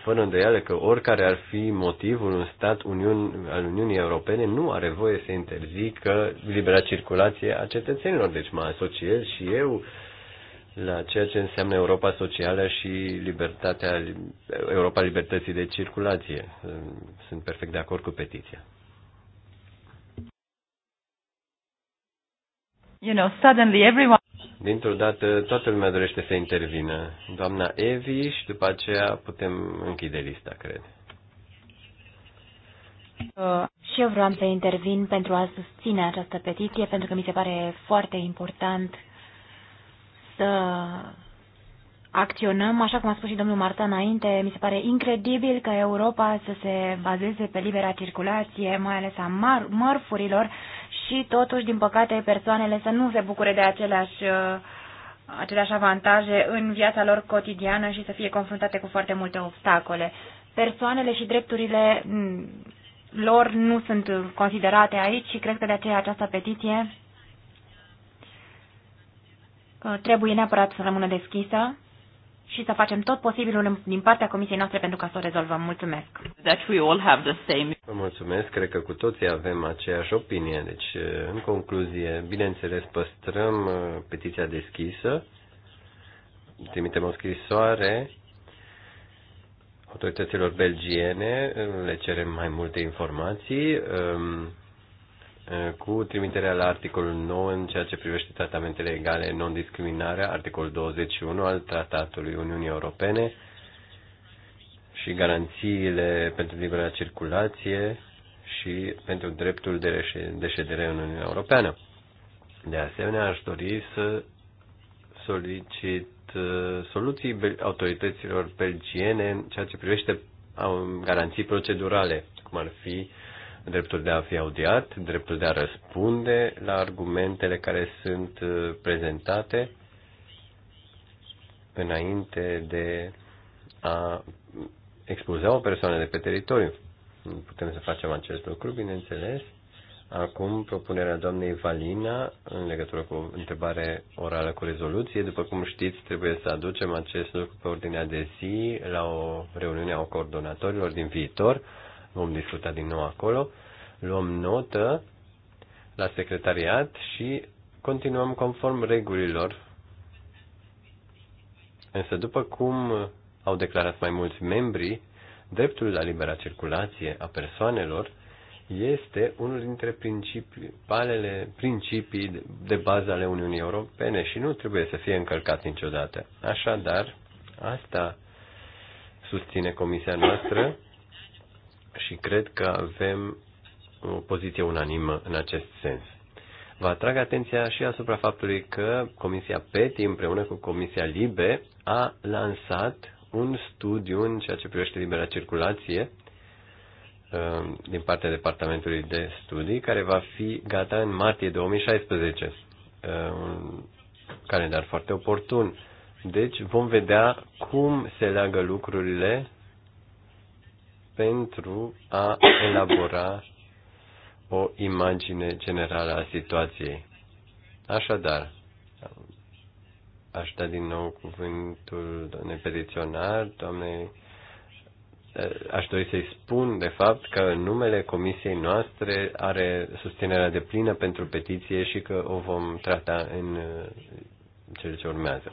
fără îndoială că oricare ar fi motivul, un stat Uniun, al Uniunii Europene nu are voie să interzică libera circulație a cetățenilor. Deci mă asociez și eu la ceea ce înseamnă Europa socială și libertatea, Europa libertății de circulație. Sunt perfect de acord cu petiția. You know, suddenly everyone... Dintr-o dată toată lumea dorește să intervină. Doamna Evi și după aceea putem închide lista, cred. Uh, și eu vreau să intervin pentru a susține această petiție, pentru că mi se pare foarte important uh, să acționăm, așa cum a spus și domnul Marta înainte, mi se pare incredibil că Europa să se bazeze pe libera circulație, mai ales a mar- mărfurilor și totuși, din păcate, persoanele să nu se bucure de aceleași, uh, aceleași avantaje în viața lor cotidiană și să fie confruntate cu foarte multe obstacole. Persoanele și drepturile mm, lor nu sunt considerate aici și cred că de aceea această petiție Uh, trebuie neapărat să rămână deschisă și să facem tot posibilul din partea comisiei noastre pentru ca să o rezolvăm. Mulțumesc. That we all have the same. Vă mulțumesc, cred că cu toții avem aceeași opinie. Deci, uh, în concluzie, bineînțeles, păstrăm uh, petiția deschisă, trimitem o scrisoare autorităților belgiene, le cerem mai multe informații, um, Eh, cu trimiterea la articolul 9 în ceea ce privește tratamentele egale, non-discriminarea, articolul 21 al Tratatului Uniunii Europene și garanțiile pentru libera circulație și pentru dreptul de ședere în Uniunea Europeană. De asemenea, aș dori să solicit eh, soluții autorităților belgiene în ceea ce privește garanții procedurale, cum ar fi uh, dreptul de a fi audiat, dreptul de a răspunde la argumentele care sunt uh, prezentate înainte de a expulza o persoană de pe teritoriu. Putem să facem acest lucru, bineînțeles. Acum, propunerea doamnei Valina în legătură cu întrebare orală cu rezoluție. După cum știți, trebuie să aducem acest lucru pe ordinea de zi la o reuniune a coordonatorilor din viitor Vom discuta din nou acolo. Luăm notă la secretariat și continuăm conform regulilor. Însă, după cum au declarat mai mulți membri, dreptul la libera circulație a persoanelor este unul dintre principalele principii de bază ale Uniunii Europene și nu trebuie să fie încălcat niciodată. Așadar, asta susține Comisia noastră și cred că avem o poziție unanimă în acest sens. Vă atrag atenția și asupra faptului că Comisia PETI împreună cu Comisia LIBE a lansat un studiu în ceea ce privește libera circulație uh, din partea Departamentului de Studii, care va fi gata în martie 2016. Uh, un calendar foarte oportun. Deci vom vedea cum se leagă lucrurile pentru a elabora o imagine generală a situației. Așadar, aș da din nou cuvântul doamnei petiționar, doamnei aș dori să-i spun, de fapt, că numele comisiei noastre are susținerea de plină pentru petiție și că o vom trata în uh, cele ce urmează.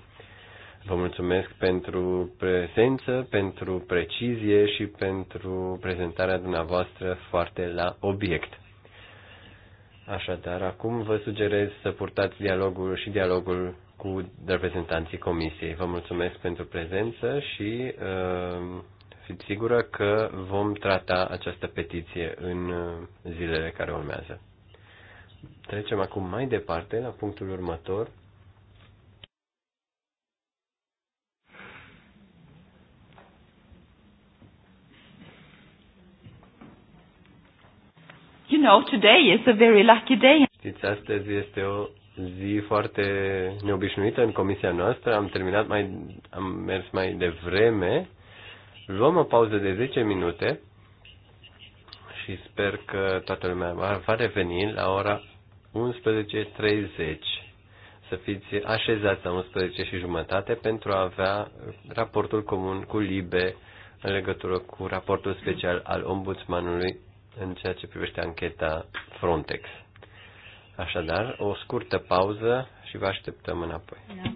Vă mulțumesc pentru prezență, pentru precizie și pentru prezentarea dumneavoastră foarte la obiect. Așadar, acum vă sugerez să purtați dialogul și dialogul cu reprezentanții comisiei. Vă mulțumesc pentru prezență și uh, fiți sigură că vom trata această petiție în uh, zilele care urmează. Trecem acum mai departe la punctul următor you know, today is a very lucky day. Știți, astăzi este o zi foarte neobișnuită în comisia noastră. Am terminat mai, am mers mai devreme. Luăm o pauză de 10 minute și sper că toată lumea va reveni la ora 11.30. Să fiți așezați la 11 și jumătate pentru a avea raportul comun cu LIBE în legătură cu raportul special al ombudsmanului în ceea ce privește ancheta Frontex. Așadar, o scurtă pauză și vă așteptăm înapoi. Da.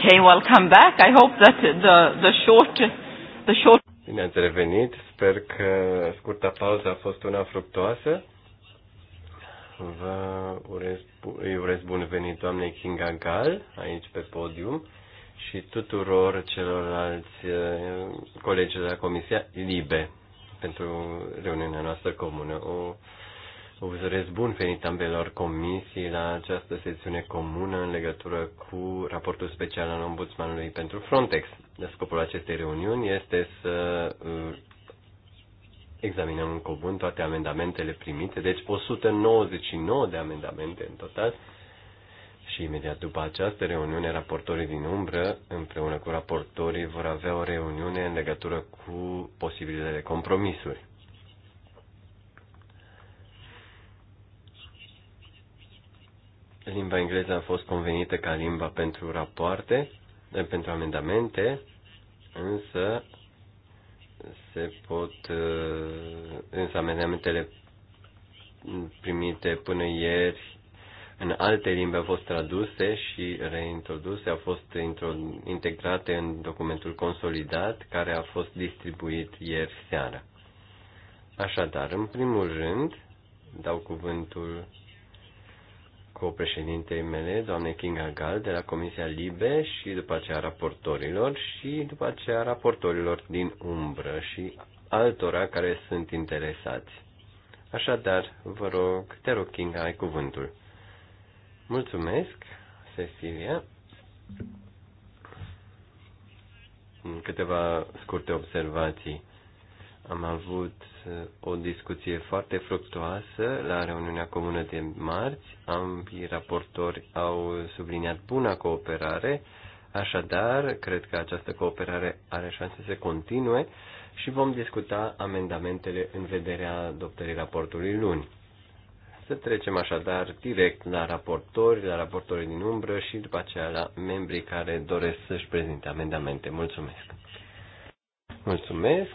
Okay, welcome back. I hope that the, the short... The short... Bine ați revenit. Sper că scurta pauză a fost una fructoasă. Vă urez, îi urez bun venit doamnei Kinga Gal aici pe podium și tuturor celorlalți eh, colegi de la Comisia Libe pentru reuniunea noastră comună. O urez bun venit ambelor comisii la această sesiune comună în legătură cu raportul special al Ombudsmanului pentru Frontex. Scopul acestei reuniuni este să uh, examinăm în comun toate amendamentele primite, deci 199 de amendamente în total. Și imediat după această reuniune, raportorii din umbră, împreună cu raportorii, vor avea o reuniune în legătură cu posibilele compromisuri. Limba engleză a fost convenită ca limba pentru rapoarte, eh, pentru amendamente, însă se pot, eh, însă amendamentele primite până ieri în alte limbi au fost traduse și reintroduse, au fost integrate în documentul consolidat care a fost distribuit ieri seara. Așadar, în primul rând, dau cuvântul copreședintei mele, doamne Kinga Gal, de la Comisia Libe și după aceea raportorilor și după aceea raportorilor din umbră și altora care sunt interesați. Așadar, vă rog, te rog, Kinga, ai cuvântul. Mulțumesc, Cecilia. Câteva scurte observații. Am avut uh, o discuție foarte fructuoasă la reuniunea comună de marți. Ambii raportori au subliniat buna cooperare, așadar, cred că această cooperare are șanse să continue și vom discuta amendamentele în vederea adoptării raportului luni. Să trecem așadar direct la raportori, la raportori din umbră și după aceea la membrii care doresc să-și prezinte amendamente. Mulțumesc! Mulțumesc!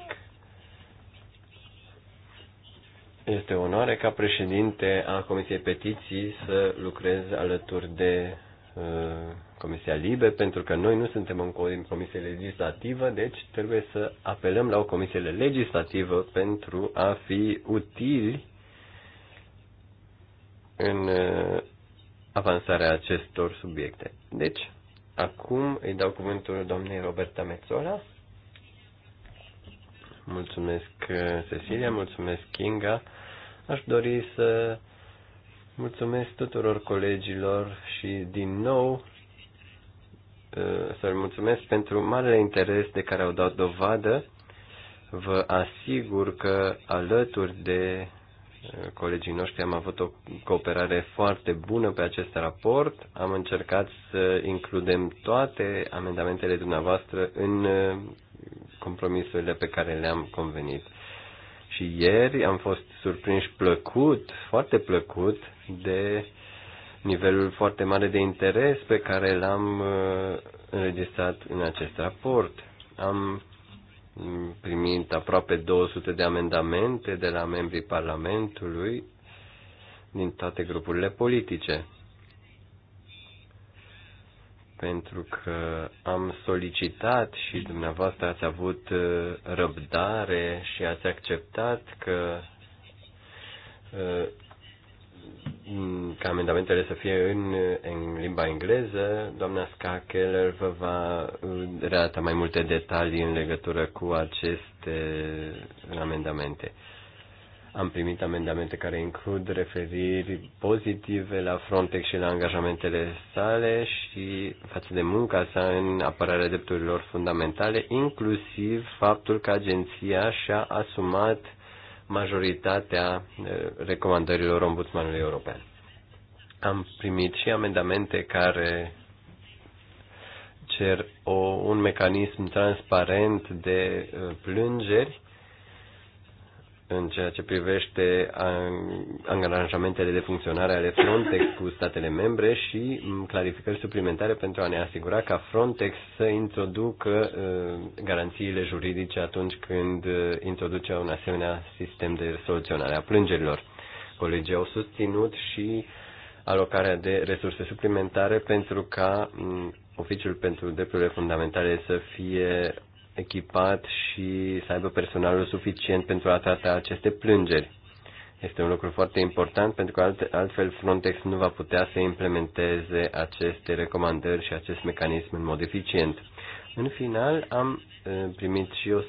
Este o onoare ca președinte a Comisiei Petiții să lucrez alături de uh, Comisia Libe, pentru că noi nu suntem în Comisie Legislativă, deci trebuie să apelăm la o Comisie Legislativă pentru a fi utili în uh, avansarea acestor subiecte. Deci, acum îi dau cuvântul doamnei Roberta Mezzola Mulțumesc, uh, Cecilia, mulțumesc, Kinga. Aș dori să mulțumesc tuturor colegilor și din nou uh, să le mulțumesc pentru marele interes de care au dat dovadă. Vă asigur că alături de uh, colegii noștri am avut o cooperare foarte bună pe acest raport. Am încercat să includem toate amendamentele dumneavoastră în compromisurile pe care le-am convenit. Și ieri am fost surprinși plăcut, foarte plăcut, de nivelul foarte mare de interes pe care l-am uh, înregistrat în acest raport. Am primit aproape 200 de amendamente de la membrii Parlamentului din toate grupurile politice pentru că am solicitat și dumneavoastră ați avut uh, răbdare și ați acceptat că uh, ca amendamentele să fie în, în limba engleză, doamna Ska Keller vă va uh, reata mai multe detalii în legătură cu aceste amendamente. Am primit amendamente care includ referiri pozitive la Frontex și la angajamentele sale și față de munca sa în apărarea drepturilor fundamentale, inclusiv faptul că agenția și-a asumat majoritatea eh, recomandărilor Ombudsmanului European. Am primit și amendamente care cer o, un mecanism transparent de eh, plângeri în ceea ce privește angajamentele de funcționare ale Frontex cu statele membre și clarificări suplimentare pentru a ne asigura ca Frontex să introducă uh, garanțiile juridice atunci când uh, introduce un asemenea sistem de soluționare a plângerilor. Colegii au susținut și alocarea de resurse suplimentare pentru ca Oficiul pentru Drepturile Fundamentale să fie echipat și să aibă personalul suficient pentru a trata aceste plângeri. Este un lucru foarte important pentru că alt, altfel Frontex nu va putea să implementeze aceste recomandări și acest mecanism în mod eficient. În final am eh, primit și o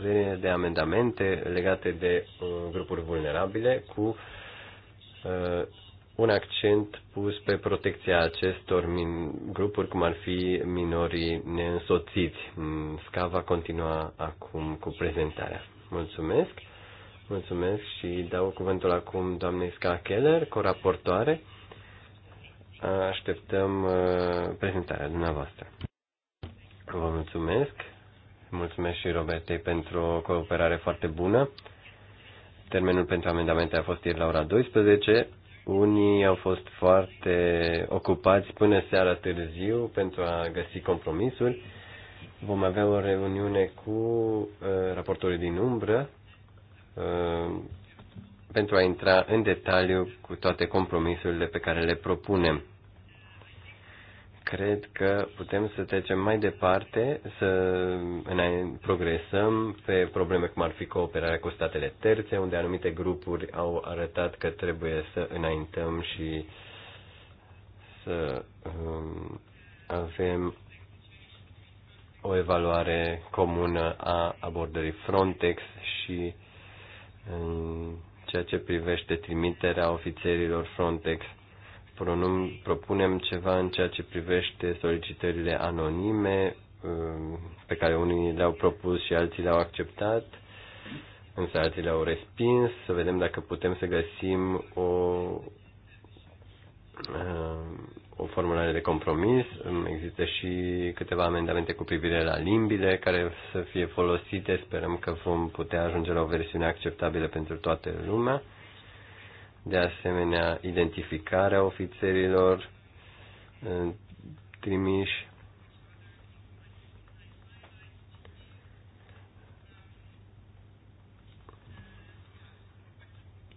serie de amendamente legate de eh, grupuri vulnerabile cu eh, un accent pus pe protecția acestor min- grupuri, cum ar fi minorii neînsoțiți. Mm, Sca va continua acum cu prezentarea. Mulțumesc! Mulțumesc și dau cuvântul acum doamnei Sca Keller, coraportoare. Așteptăm uh, prezentarea dumneavoastră. Vă mulțumesc! Mulțumesc și Robertei pentru o cooperare foarte bună. Termenul pentru amendamente a fost ieri la ora 12. Unii au fost foarte ocupați până seara târziu pentru a găsi compromisuri. Vom avea o reuniune cu uh, raportorii din umbră uh, pentru a intra în detaliu cu toate compromisurile pe care le propunem cred că putem să trecem mai departe, să progresăm pe probleme cum ar fi cooperarea cu statele terțe, unde anumite grupuri au arătat că trebuie să înaintăm și să um, avem o evaluare comună a abordării Frontex și în um, ceea ce privește trimiterea ofițerilor Frontex pronum, propunem ceva în ceea ce privește solicitările anonime um, pe care unii le-au propus și alții le-au acceptat, însă alții le-au respins, să vedem dacă putem să găsim o, um, o formulare de compromis. Există și câteva amendamente cu privire la limbile care să fie folosite. Sperăm că vom putea ajunge la o versiune acceptabilă pentru toată lumea de asemenea identificarea ofițerilor eh, trimiși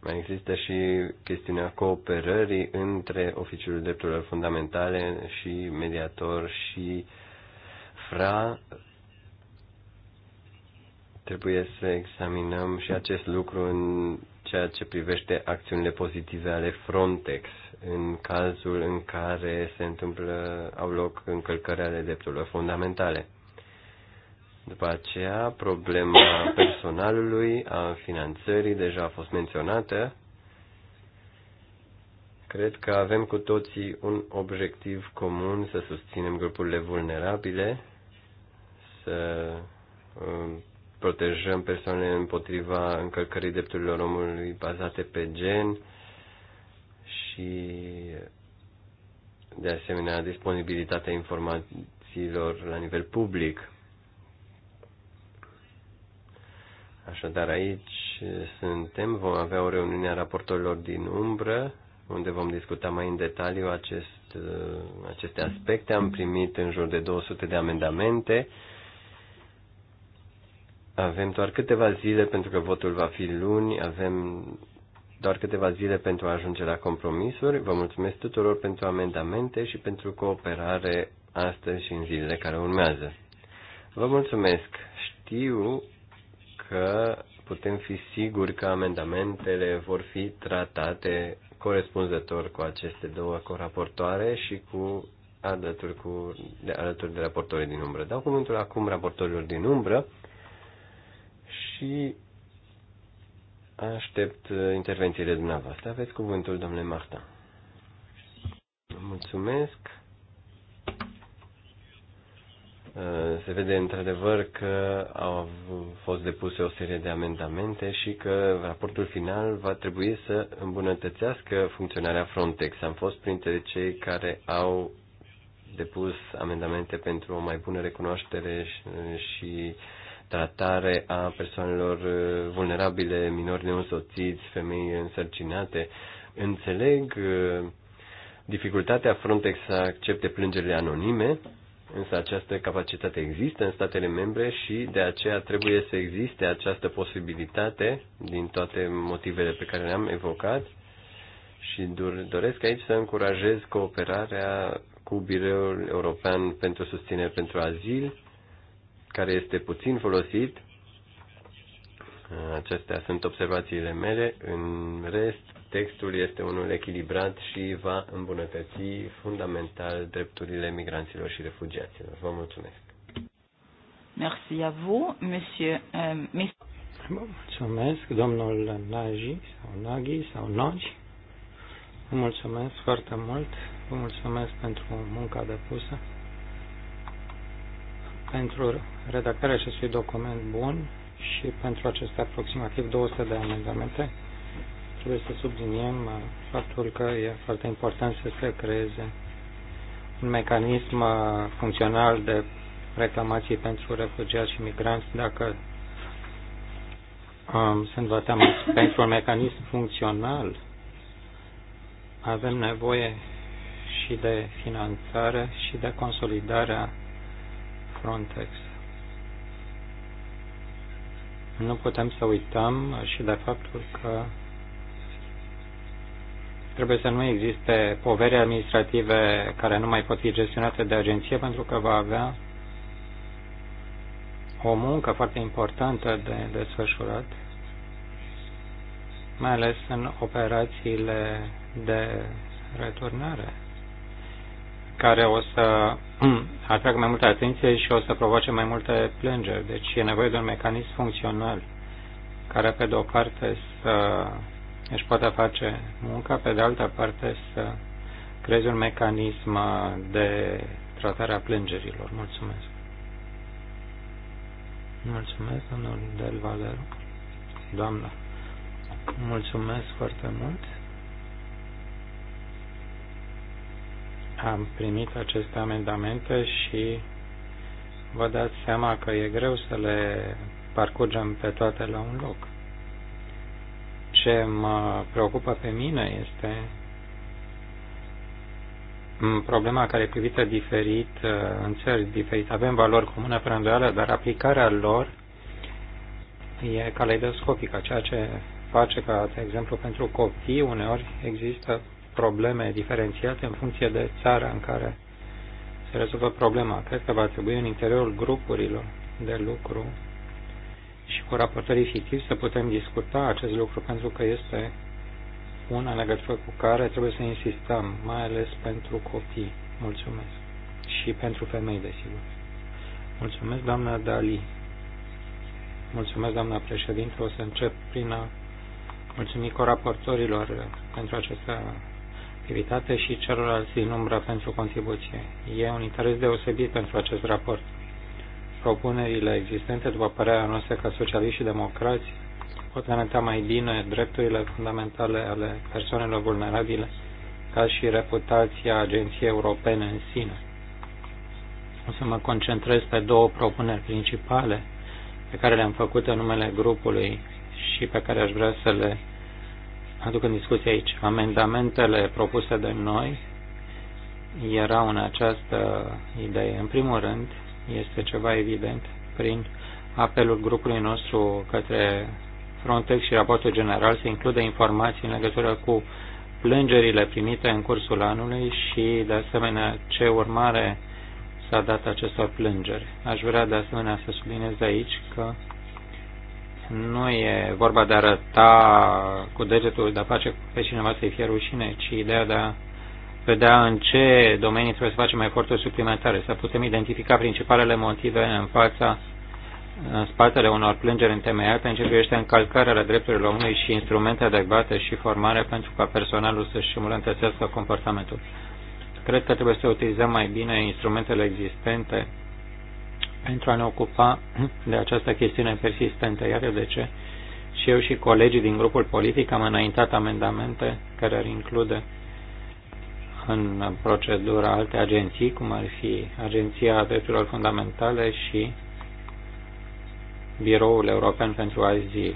Mai există și chestiunea cooperării între Oficiul Drepturilor Fundamentale și mediator și FRA. Trebuie să examinăm și acest lucru în ceea ce privește acțiunile pozitive ale Frontex în cazul în care se întâmplă, au loc încălcări ale drepturilor fundamentale. După aceea, problema (coughs) personalului, a finanțării, deja a fost menționată. Cred că avem cu toții un obiectiv comun să susținem grupurile vulnerabile, să um, protejăm persoanele împotriva încălcării drepturilor omului bazate pe gen și de asemenea disponibilitatea informațiilor la nivel public. Așadar, aici suntem, vom avea o reuniune a raportorilor din umbră, unde vom discuta mai în detaliu acest, aceste aspecte. Am primit în jur de 200 de amendamente avem doar câteva zile pentru că votul va fi luni, avem doar câteva zile pentru a ajunge la compromisuri. Vă mulțumesc tuturor pentru amendamente și pentru cooperare astăzi și în zilele care urmează. Vă mulțumesc. Știu că putem fi siguri că amendamentele vor fi tratate corespunzător cu aceste două coraportoare și cu alături, cu, de, alături de raportorii din umbră. Dau cuvântul acum raportorilor din umbră și aștept uh, intervențiile dumneavoastră. Aveți cuvântul, domnule Marta. Mulțumesc. Uh, se vede într-adevăr că au fost depuse o serie de amendamente și că raportul final va trebui să îmbunătățească funcționarea Frontex. Am fost printre cei care au depus amendamente pentru o mai bună recunoaștere și tratare a persoanelor uh, vulnerabile, minori neînsoțiți, femei însărcinate. Înțeleg uh, dificultatea Frontex să accepte plângerile anonime, însă această capacitate există în statele membre și de aceea trebuie să existe această posibilitate din toate motivele pe care le-am evocat și doresc aici să încurajez cooperarea cu Biroul European pentru Susținere pentru Azil, care este puțin folosit. Acestea sunt observațiile mele. În rest, textul este unul echilibrat și va îmbunătăți fundamental drepturile migranților și refugiaților. Vă mulțumesc. Merci à vous, monsieur. Euh, mes... mulțumesc, domnul Nagy sau Nagy sau Nagy. Vă mulțumesc foarte mult. Vă mulțumesc pentru munca depusă pentru redactarea acestui document bun și pentru aceste aproximativ 200 de amendamente. Trebuie să subliniem faptul că e foarte important să se creeze un mecanism funcțional de reclamații pentru refugiați și migranți dacă um, sunt vătamați. (coughs) Pentru un mecanism funcțional avem nevoie și de finanțare și de consolidarea Frontex. Nu putem să uităm și de faptul că trebuie să nu existe povere administrative care nu mai pot fi gestionate de agenție pentru că va avea o muncă foarte importantă de desfășurat, mai ales în operațiile de returnare care o să (clears throat) atrag mai multă atenție și o să provoace mai multe plângeri. Deci e nevoie de un mecanism funcțional care, pe de o parte, să își poată face munca, pe de altă parte, să creeze un mecanism de tratare a plângerilor. Mulțumesc. Mulțumesc, domnul Del Valero. Doamna, mulțumesc foarte mult. am primit aceste amendamente și vă dați seama că e greu să le parcurgem pe toate la un loc. Ce mă preocupă pe mine este problema care e privită diferit uh, în țări diferite. Avem valori comune pe îndoială, dar aplicarea lor e caleidoscopică, ceea ce face ca, de exemplu, pentru copii uneori există probleme diferențiate în funcție de țara în care se rezolvă problema. Cred că va trebui în interiorul grupurilor de lucru și cu raportării fictivi să putem discuta acest lucru pentru că este una legătură cu care trebuie să insistăm, mai ales pentru copii. Mulțumesc. Și pentru femei, desigur. Mulțumesc, doamna Dali. Mulțumesc, doamna președinte. O să încep prin a mulțumi coraportorilor pentru această activitate și celorlalți din umbră pentru contribuție. E un interes deosebit pentru acest raport. Propunerile existente, după părerea noastră ca socialiști și democrați, pot garanta mai bine drepturile fundamentale ale persoanelor vulnerabile, ca și reputația Agenției Europene în sine. O să mă concentrez pe două propuneri principale pe care le-am făcut în numele grupului și pe care aș vrea să le aduc în discuție aici. Amendamentele propuse de noi erau în această idee. În primul rând, este ceva evident prin apelul grupului nostru către Frontex și raportul general să include informații în legătură cu plângerile primite în cursul anului și, de asemenea, ce urmare s-a dat acestor plângeri. Aș vrea, de asemenea, să subliniez aici că nu e vorba de a arăta cu degetul, de a face pe cineva să-i fie rușine, ci ideea de a vedea în ce domenii trebuie să facem eforturi suplimentare, să putem identifica principalele motive în fața în spatele unor plângeri întemeiate în ce privește încalcarea la drepturilor omului și instrumente adecvate și formare pentru ca personalul să-și îmbunătățească comportamentul. Cred că trebuie să utilizăm mai bine instrumentele existente pentru a ne ocupa de această chestiune persistentă. Iar de ce și eu și colegii din grupul politic am înaintat amendamente care ar include în procedura alte agenții, cum ar fi Agenția Drepturilor Fundamentale și Biroul European pentru Azil,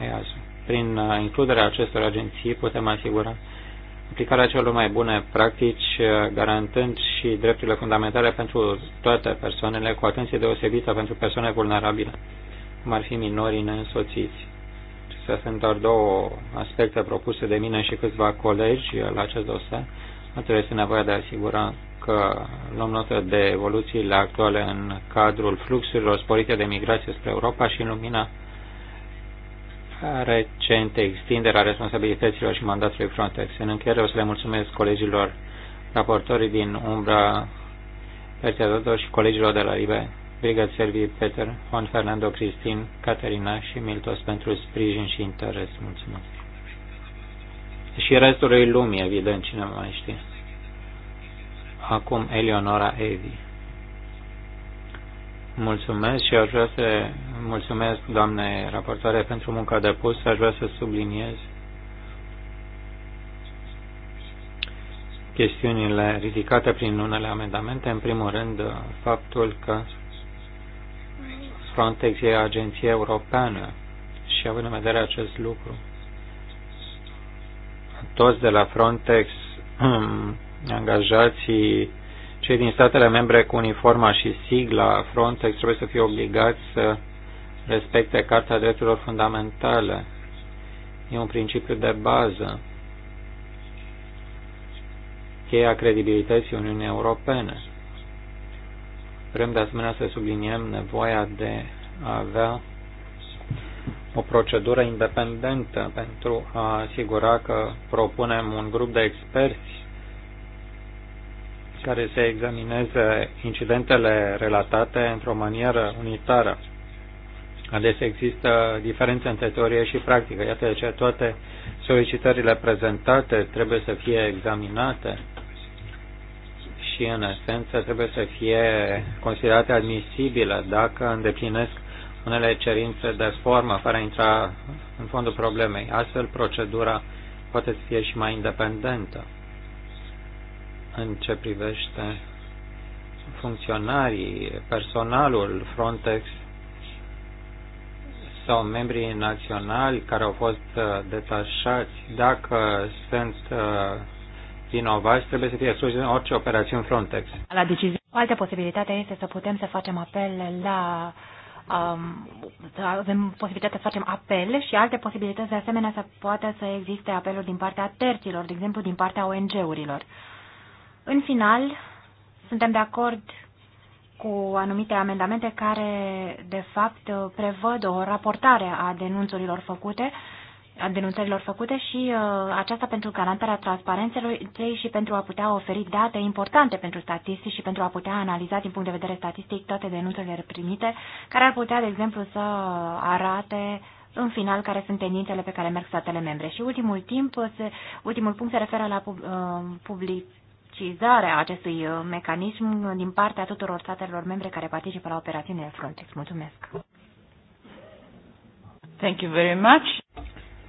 EASO. Prin includerea acestor agenții putem asigura aplicarea celor mai bune practici, uh, garantând și drepturile fundamentale pentru toate persoanele, cu atenție deosebită pentru persoane vulnerabile, cum ar fi minorii neînsoțiți. Acestea sunt doar două aspecte propuse de mine și câțiva colegi uh, la acest dosar. trebuie este nevoie de a asigura că luăm notă de evoluțiile actuale în cadrul fluxurilor sporite de migrație spre Europa și în lumina recente extindere a responsabilităților și mandatului Frontex. În încheiere o să le mulțumesc colegilor raportorii din umbra Perteadodo și colegilor de la Libe, Brigad Servi, Peter, Juan Fernando, Cristin, Caterina și Miltos pentru sprijin și interes. Mulțumesc. Și restului lumii, evident, cine mai știe. Acum Eleonora Evi. Mulțumesc și aș vrea să mulțumesc, doamne raportoare, pentru munca depusă. Aș vrea să subliniez chestiunile ridicate prin unele amendamente. În primul rând, faptul că Frontex e agenție europeană și având în vedere acest lucru, toți de la Frontex, (clears throat) angajații cei din statele membre cu uniforma și sigla Frontex trebuie să fie obligați să respecte Carta Drepturilor Fundamentale. E un principiu de bază. Cheia credibilității Uniunii Europene. Vrem de asemenea să subliniem nevoia de a avea o procedură independentă pentru a asigura că propunem un grup de experți care să examineze incidentele relatate într-o manieră unitară. Adesea există diferențe între teorie și practică. Iată de ce toate solicitările prezentate trebuie să fie examinate și, în esență, trebuie să fie considerate admisibile dacă îndeplinesc unele cerințe de formă fără a intra în fondul problemei. Astfel, procedura poate să fie și mai independentă în ce privește funcționarii, personalul Frontex sau membrii naționali care au fost uh, detașați, dacă sunt uh, vinovați, trebuie să fie excluși în orice operațiune Frontex. La decizie. O altă posibilitate este să putem să facem apel la um, să avem posibilitatea să facem apel și alte posibilități de asemenea să poată să existe apeluri din partea terților, de exemplu din partea ONG-urilor. În final, suntem de acord cu anumite amendamente care, de fapt, prevăd o raportare a denunțurilor făcute, a denunțărilor făcute și uh, aceasta pentru garantarea transparenței și pentru a putea oferi date importante pentru statistici și pentru a putea analiza din punct de vedere statistic toate denunțurile primite, care ar putea, de exemplu, să arate în final care sunt tendințele pe care merg statele membre. Și ultimul timp, se, ultimul punct se referă la pub, uh, public precizare a acestui uh, mecanism din partea tuturor statelor membre care participă la operațiunile Frontex. Mulțumesc! Thank you very much!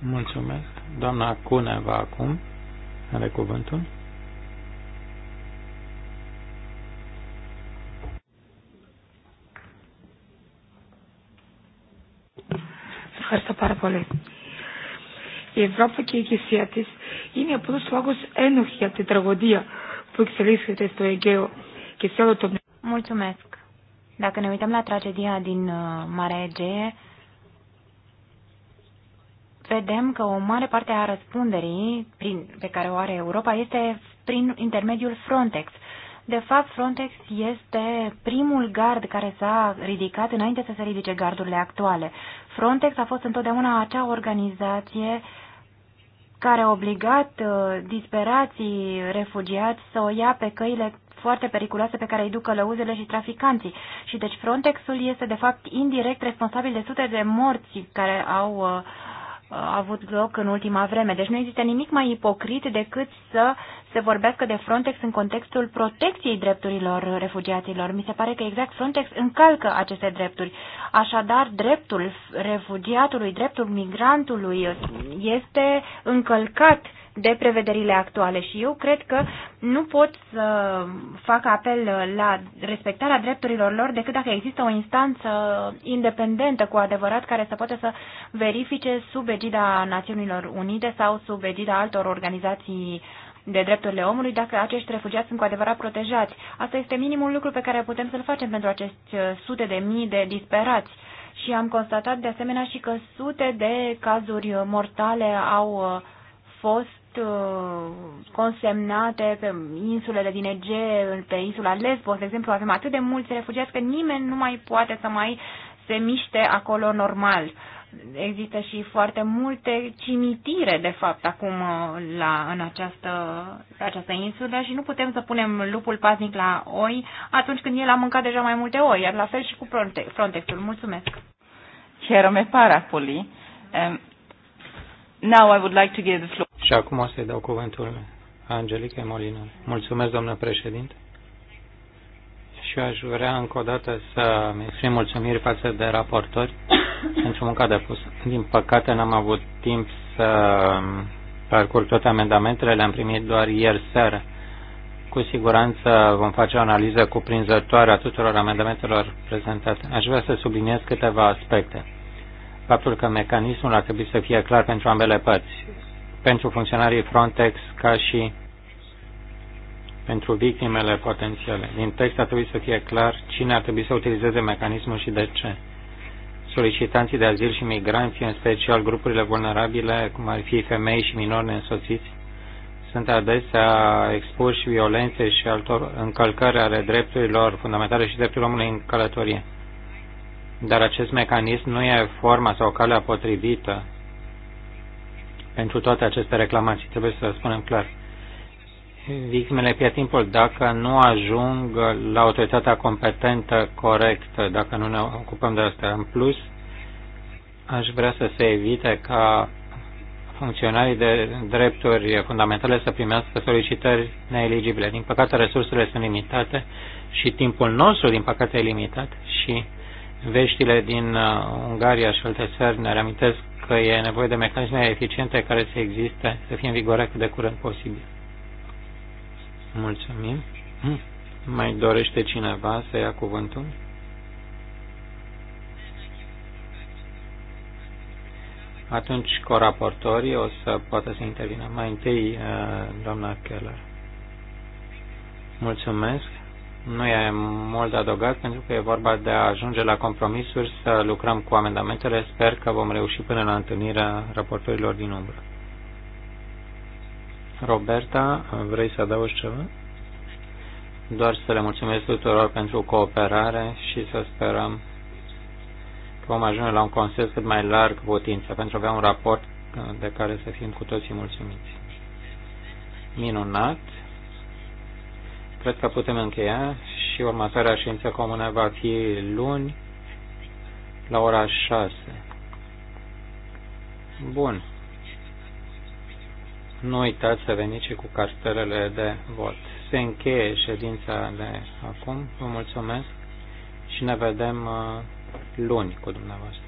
Mulțumesc! Doamna Cuneva acum are cuvântul. Ευχαριστώ πάρα πολύ. Η Ευρώπη και η ηγεσία τη είναι απλώ λόγο ένοχη για την τραγωδία Mulțumesc. Dacă ne uităm la tragedia din uh, Marea Egee, vedem că o mare parte a răspunderii prin, pe care o are Europa este prin intermediul Frontex. De fapt, Frontex este primul gard care s-a ridicat înainte să se ridice gardurile actuale. Frontex a fost întotdeauna acea organizație uh, care a obligat uh, disperații refugiați să o ia pe căile foarte periculoase pe care îi duc lăuzele și traficanții. Și deci Frontexul este de fapt indirect responsabil de sute de morți care au uh, avut loc în ultima vreme. Deci nu există nimic mai ipocrit decât să se vorbească de Frontex în contextul protecției drepturilor refugiaților. Mi se pare că exact Frontex încalcă aceste drepturi. Așadar, dreptul refugiatului, dreptul migrantului este încălcat de prevederile actuale și eu cred că nu pot să fac apel la respectarea drepturilor lor decât dacă există o instanță independentă cu adevărat care să poată să verifice sub egida Națiunilor Unite sau sub egida altor organizații de drepturile omului dacă acești refugiați sunt cu adevărat protejați. Asta este minimul lucru pe care putem să-l facem pentru acești sute de mii de disperați. Și am constatat de asemenea și că sute de cazuri mortale au uh, fost Uh, consemnate pe insulele din Ege, pe insula Lesbos, de exemplu, avem atât de mulți refugiați că nimeni nu mai poate să mai se miște acolo normal. Există și foarte multe cimitire, de fapt, acum uh, la, în această, pe această insulă și nu putem să punem lupul paznic la oi atunci când el a mâncat deja mai multe oi, iar la fel și cu Frontexul. Mulțumesc! Χαίρομαι πάρα πολύ. Um, now I would like to give the floor. Și acum o să-i dau cuvântul Angelica Molină. Mulțumesc, domnule președinte. Și aș vrea încă o dată să mi exprim mulțumiri față de raportori pentru munca depusă. Din păcate n-am avut timp să parcurg toate amendamentele, le-am primit doar ieri seară. Cu siguranță vom face o analiză cuprinzătoare a tuturor amendamentelor prezentate. Aș vrea să subliniez câteva aspecte. Faptul că mecanismul ar trebui să fie clar pentru ambele părți pentru funcționarii Frontex ca și pentru victimele potențiale. Din text ar trebui să fie clar cine ar trebui să utilizeze mecanismul și de ce. Solicitanții de azil și migranții, în special grupurile vulnerabile, cum ar fi femei și minori neînsoțiți, sunt adesea expuși violențe și altor încălcări ale drepturilor fundamentale și dreptul omului în călătorie. Dar acest mecanism nu e forma sau calea potrivită pentru toate aceste reclamații. Trebuie să spunem clar. Victimele pierd timpul dacă nu ajung la autoritatea competentă corectă, dacă nu ne ocupăm de asta. În plus, aș vrea să se evite ca funcționarii de drepturi fundamentale să primească solicitări neeligibile. Din păcate, resursele sunt limitate și timpul nostru, din păcate, e limitat și veștile din uh, Ungaria și alte țări ne reamintesc că e nevoie de mecanisme eficiente care să existe, să fie în vigoare cât de curând posibil. Mulțumim. Hm. Mai dorește cineva să ia cuvântul? Atunci, coraportorii o să poată să intervină. Mai întâi, uh, doamna Keller. Mulțumesc. Nu e mult de adăugat pentru că e vorba de a ajunge la compromisuri, să lucrăm cu amendamentele. Sper că vom reuși până la întâlnirea raportorilor din umbră. Roberta, vrei să adaugi ceva? Doar să le mulțumesc tuturor pentru cooperare și să sperăm că vom ajunge la un consens cât mai larg votință, pentru a avea un raport de care să fim cu toții mulțumiți. Minunat! Cred că putem încheia și următoarea ședință comună va fi luni la ora 6. Bun. Nu uitați să veniți și cu cartelele de vot. Se încheie ședința de acum. Vă mulțumesc și ne vedem uh, luni cu dumneavoastră.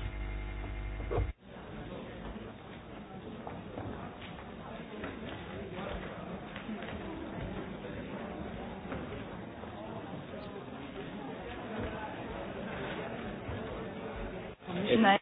night.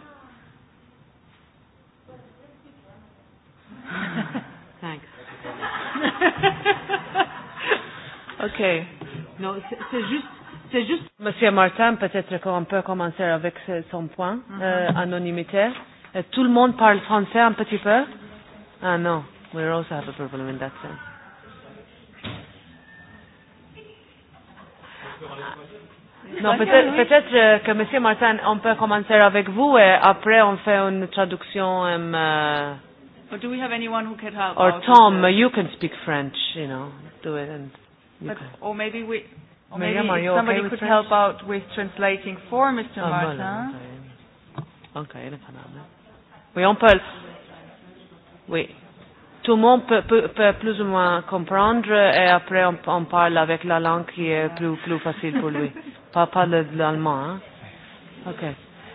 Okay. Non, c'est juste. C'est juste. Monsieur Martin, peut-être qu'on peut commencer avec son point, mm -hmm. euh, anonymité. Et euh, tout le monde parle français un petit peu Ah non, we also have a problem in that sense. Non, peut-être peut, peut euh, que Monsieur Martin, on peut commencer avec vous et après on fait une traduction. Um, uh, Or do we have anyone who can help? Or Tom, you can speak French, you know, do it and. But, or maybe we, or maybe Miriam, somebody okay could help out with translating for Mr. Ah, Martin. Okay, elle est pas Oui, on peut. Oui. Tout le monde peut, peut, peut plus ou moins comprendre et après on, on parle avec la langue qui est plus, plus facile pour lui. (laughs) pas pas l'allemand. Hein? Ok.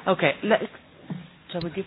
Ok. Let's, shall we give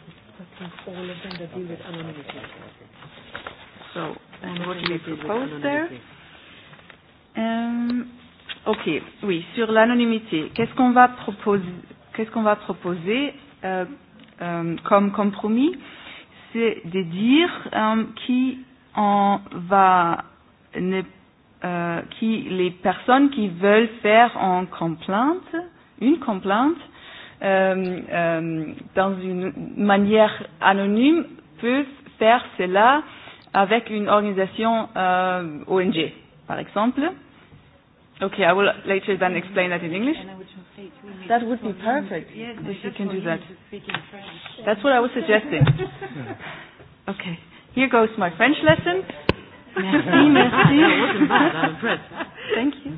think all of them that deal with anonymity. So, and what do you propose there? Um, ok, oui, sur l'anonymité, qu'est-ce qu'on va proposer, qu'est-ce qu'on va proposer euh, euh, comme compromis C'est de dire euh, qui on va ne, euh, qui les personnes qui veulent faire une complainte, une complainte euh, euh, dans une manière anonyme peuvent faire cela avec une organisation euh, ONG, par exemple. Okay, I will later then explain that in English. That would be perfect yes, if you can do that. That's what I was suggesting. okay, here goes my French lesson. (laughs) Merci, merci. I'm impressed. Thank you.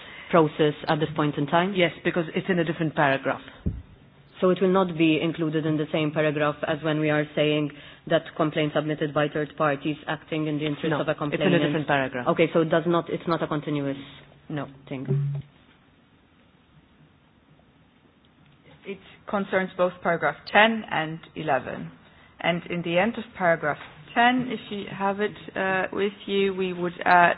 process at this point in time? Yes, because it's in a different paragraph. So it will not be included in the same paragraph as when we are saying that complaints submitted by third parties acting in the interest no, of a complainant. it's in a different paragraph. Okay, so it does not, it's not a continuous no thing. It concerns both paragraph 10 and 11. And in the end of paragraph 10, if you have it uh, with you, we would add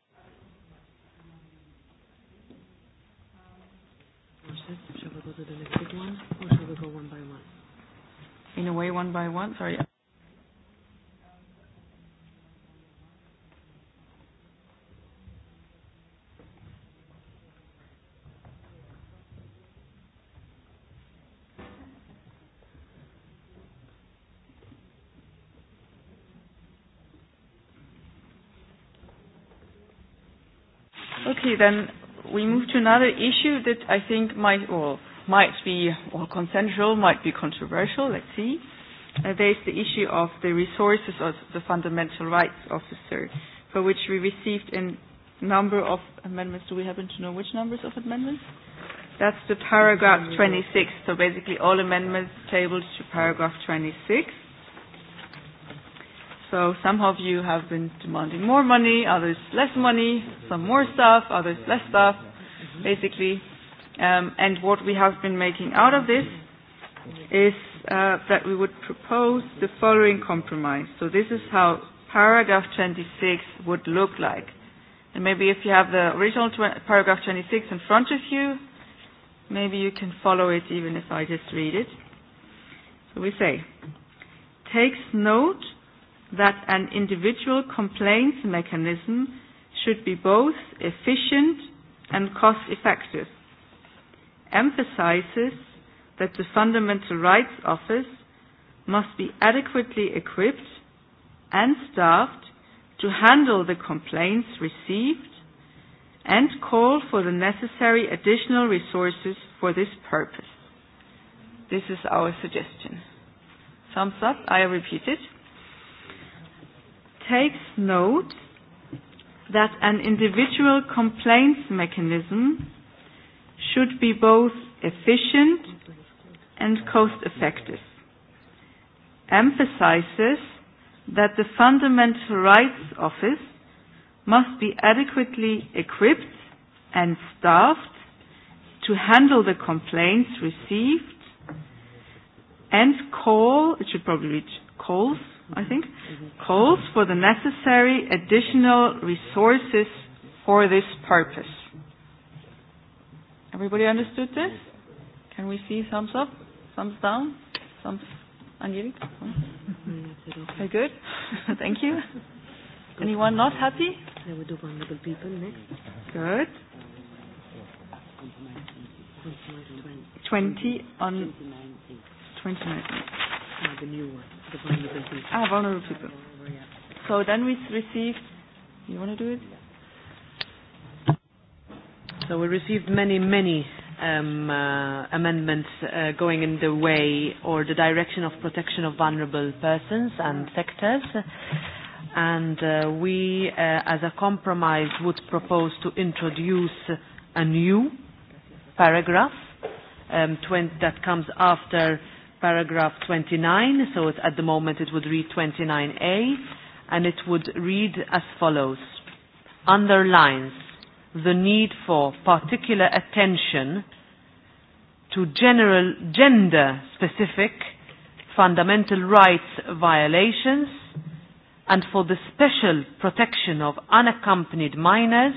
Shall we go to the next one, or shall we go one by one? In a way, one by one. Sorry. Okay, then we move to another issue that I think might well might be well consensual, might be controversial. Let's see. Uh, there is the issue of the resources of the fundamental rights officer, for which we received a number of amendments. Do we happen to know which numbers of amendments? That's the paragraph 26. So basically, all amendments tabled to paragraph 26. So some of you have been demanding more money, others less money, some more stuff, others less stuff, basically. Um, and what we have been making out of this is uh, that we would propose the following compromise. So this is how paragraph 26 would look like. And maybe if you have the original tw- paragraph 26 in front of you, maybe you can follow it even if I just read it. So we say, takes note that an individual complaints mechanism should be both efficient and cost effective, emphasizes that the Fundamental Rights Office must be adequately equipped and staffed to handle the complaints received and call for the necessary additional resources for this purpose. This is our suggestion. Thumbs up, I repeat it takes note that an individual complaints mechanism should be both efficient and cost effective, emphasizes that the Fundamental Rights Office must be adequately equipped and staffed to handle the complaints received and call, it should probably reach calls I think, calls for the necessary additional resources for this purpose. Everybody understood this? Can we see thumbs up, thumbs down, thumbs? Angelique? Very good. (laughs) Thank you. Anyone not happy? I we do vulnerable people next. Good. 20 on 29. No, the new one. The vulnerable people. Ah, vulnerable people. So then we receive. You want to do it? So we received many, many um, uh, amendments uh, going in the way or the direction of protection of vulnerable persons and sectors. And uh, we, uh, as a compromise, would propose to introduce a new paragraph um, 20, that comes after paragraph 29, so it, at the moment it would read 29A, and it would read as follows. Underlines the need for particular attention to general gender-specific fundamental rights violations and for the special protection of unaccompanied minors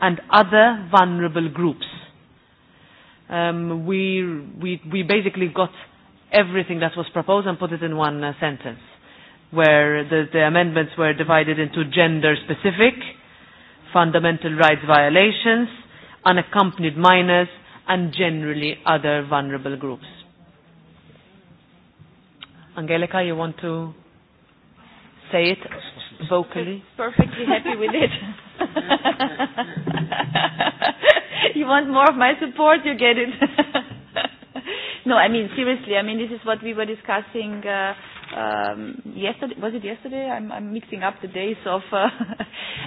and other vulnerable groups. Um, we, we, we basically got everything that was proposed and put it in one uh, sentence, where the, the amendments were divided into gender-specific, fundamental rights violations, unaccompanied minors, and generally other vulnerable groups. Angelica, you want to say it vocally? (laughs) Perfectly happy with it. (laughs) (laughs) you want more of my support, you get it. (laughs) no, I mean, seriously, I mean, this is what we were discussing uh, um, yesterday. Was it yesterday? I'm, I'm mixing up the days of. Uh, (laughs) uh,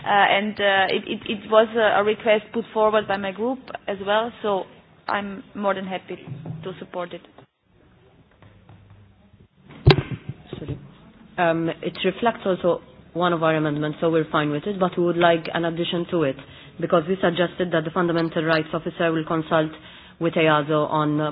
and uh, it, it, it was a, request put forward by my group as well, so I'm more than happy to support it. Sorry. Um, it reflects also one of our amendments, so we're fine with it, but we would like an addition to it because we suggested that the fundamental rights officer will consult with EASO on uh,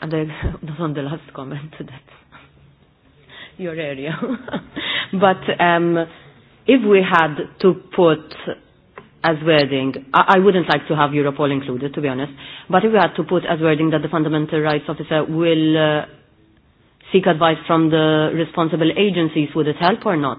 And I, (laughs) on the last comment, (laughs) that's your area. (laughs) but um, if we had to put as wording, I, I wouldn't like to have Europol included, to be honest, but if we had to put as wording that the fundamental rights officer will uh, seek advice from the responsible agencies, would it help or not?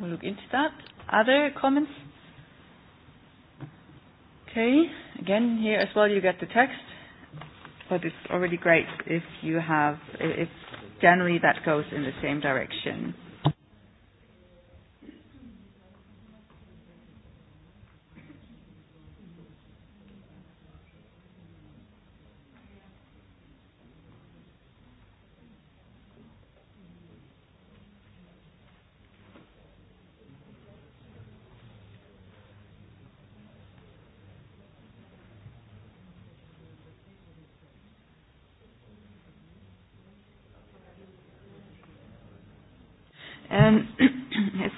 We'll look into that. Other comments? Okay. Again, here as well, you get the text, but it's already great if you have, if generally that goes in the same direction.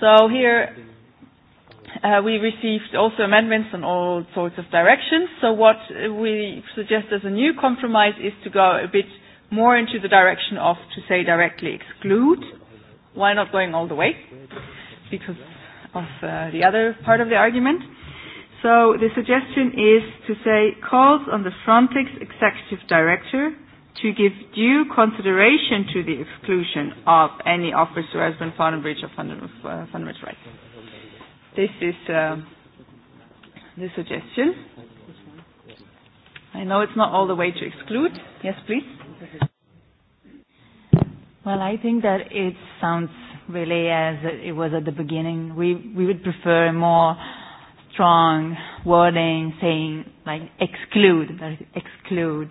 So here uh, we received also amendments on all sorts of directions. So what we suggest as a new compromise is to go a bit more into the direction of to say directly exclude, Why not going all the way, because of uh, the other part of the argument. So the suggestion is to say calls on the Frontex executive director to give due consideration to the exclusion of any offers who has been found in breach of uh, fundamental rights. This is uh, the suggestion. I know it's not all the way to exclude. Yes, please. Well, I think that it sounds really as it was at the beginning. We, we would prefer more strong wording saying like exclude, exclude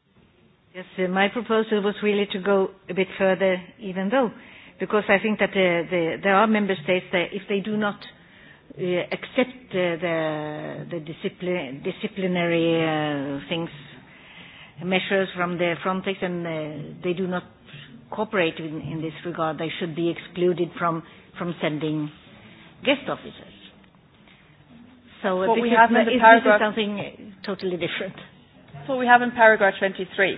Yes, uh, my proposal was really to go a bit further, even though, because I think that uh, the, there are member states that if they do not uh, accept uh, the, the discipli- disciplinary uh, things, measures from the Frontex, and uh, they do not cooperate in, in this regard, they should be excluded from, from sending guest officers. So what this we is, have in the is, paragraph, this is something totally different. That's what we have in paragraph 23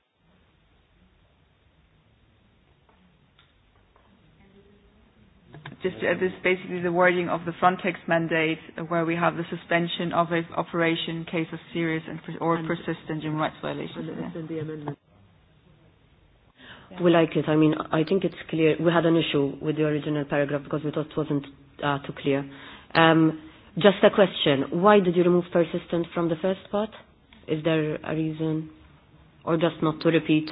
just uh, this is basically the wording of the Frontex mandate, uh, where we have the suspension of an operation in case of serious and per- or and persistent human rights violations. And, yeah. and yeah. We like it. I mean, I think it's clear. We had an issue with the original paragraph because we thought it wasn't uh, too clear. Um, just a question. Why did you remove persistent from the first part? Is there a reason? Or just not to repeat?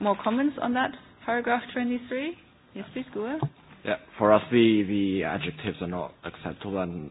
more comments on that paragraph 23? Yes, please, Gua. Yeah, for us the, the adjectives are not acceptable and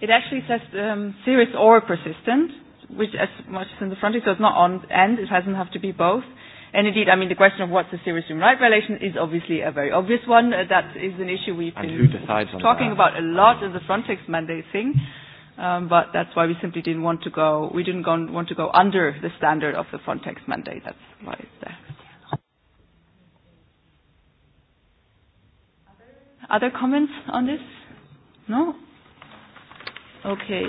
It actually says um, serious or persistent, which as much as in the front, so it's not on end, it doesn't have to be both. And indeed, I mean, the question of what's a serious human rights violation is obviously a very obvious one. Uh, that is an issue we've and been talking about a lot in the Frontex mandate thing. Um, but that's why we simply didn't want to go, we didn't go, want to go under the standard of the Frontex mandate. That's why it's there. Other comments on this? No? Okay.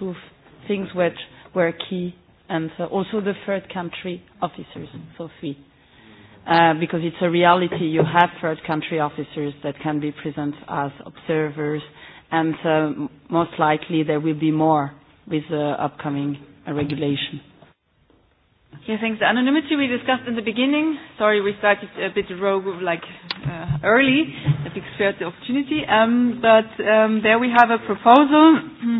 two things which were key, and so uh, also the third country officers, so three. Uh, because it's a reality, you have third country officers that can be present as observers, and uh, most likely there will be more with the upcoming uh, regulation. Okay, thanks. The anonymity we discussed in the beginning. Sorry, we started a bit rogue, like uh, early, because we had the opportunity. Um, but um, there we have a proposal (clears throat)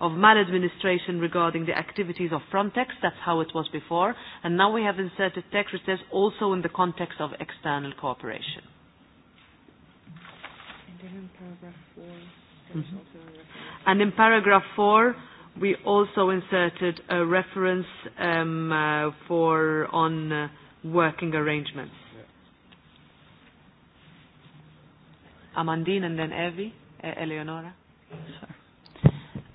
of maladministration regarding the activities of Frontex. That's how it was before. And now we have inserted text which says also in the context of external cooperation. And then in paragraph four, mm -hmm. And in paragraph four, we also inserted a reference um, uh, for on uh, working arrangements. Yeah. Amandine and then Evie, uh, Eleonora. Sorry.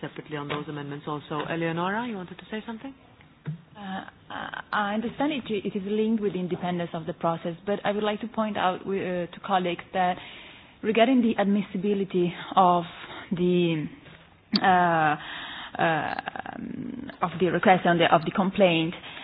separately on those amendments also. Eleonora, you wanted to say something? Uh, uh, I understand it, it is linked with the independence of the process, but I would like to point out uh, to colleagues that regarding the admissibility of the uh, uh, of the request and the, of the complaint, uh,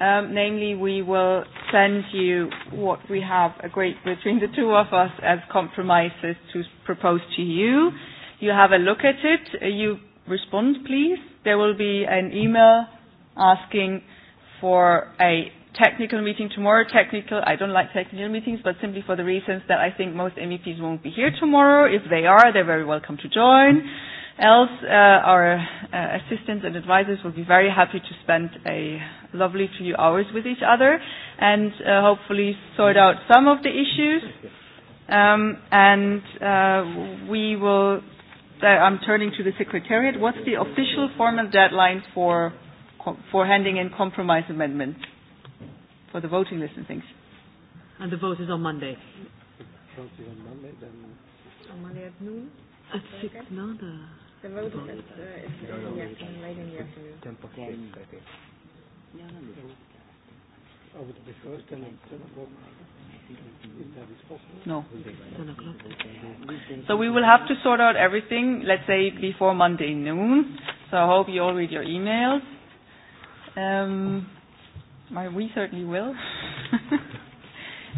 Um, namely, we will send you what we have agreed between the two of us as compromises to propose to you. You have a look at it. Uh, you respond, please. There will be an email asking for a technical meeting tomorrow. Technical, I don't like technical meetings, but simply for the reasons that I think most MEPs won't be here tomorrow. If they are, they're very welcome to join. Else, uh, our uh, assistants and advisors will be very happy to spend a lovely few hours with each other and uh, hopefully sort out some of the issues. Um, and uh, we will, uh, I'm turning to the Secretariat. What's the official formal deadline for, for handing in compromise amendments? for the voting list and things. And the vote is on Monday. Vote is on Monday, then. On Monday at noon. At six, no, the. The vote is at uh, is no, no, late in the afternoon. Ten o'clock. one, No, no, ten o'clock. No. So we will have to sort out everything, let's say before Monday noon. So I hope you all read your emails. Um, we certainly will. (laughs)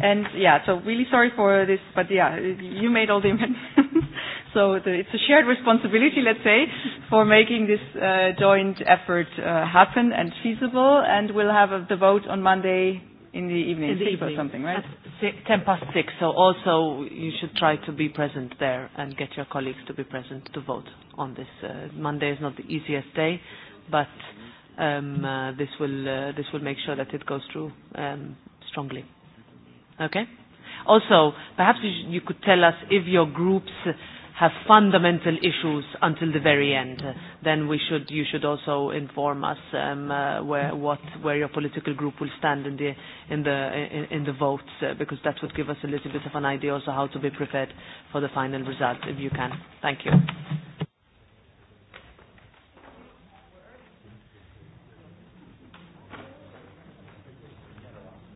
and yeah, so really sorry for this, but yeah, you made all the amendments. (laughs) so the, it's a shared responsibility, let's say, for making this uh, joint effort uh, happen and feasible. And we'll have a, the vote on Monday in the evening, in the evening. or something, right? At six, ten past six. So also you should try to be present there and get your colleagues to be present to vote on this. Uh, Monday is not the easiest day, but. Mm-hmm um, uh, this will uh, this will make sure that it goes through um, strongly. Okay. Also, perhaps you, you could tell us if your groups have fundamental issues until the very end, then we should you should also inform us um, uh, where what where your political group will stand in the in the in, in the votes uh, because that would give us a little bit of an idea also how to be prepared for the final result if you can. Thank you.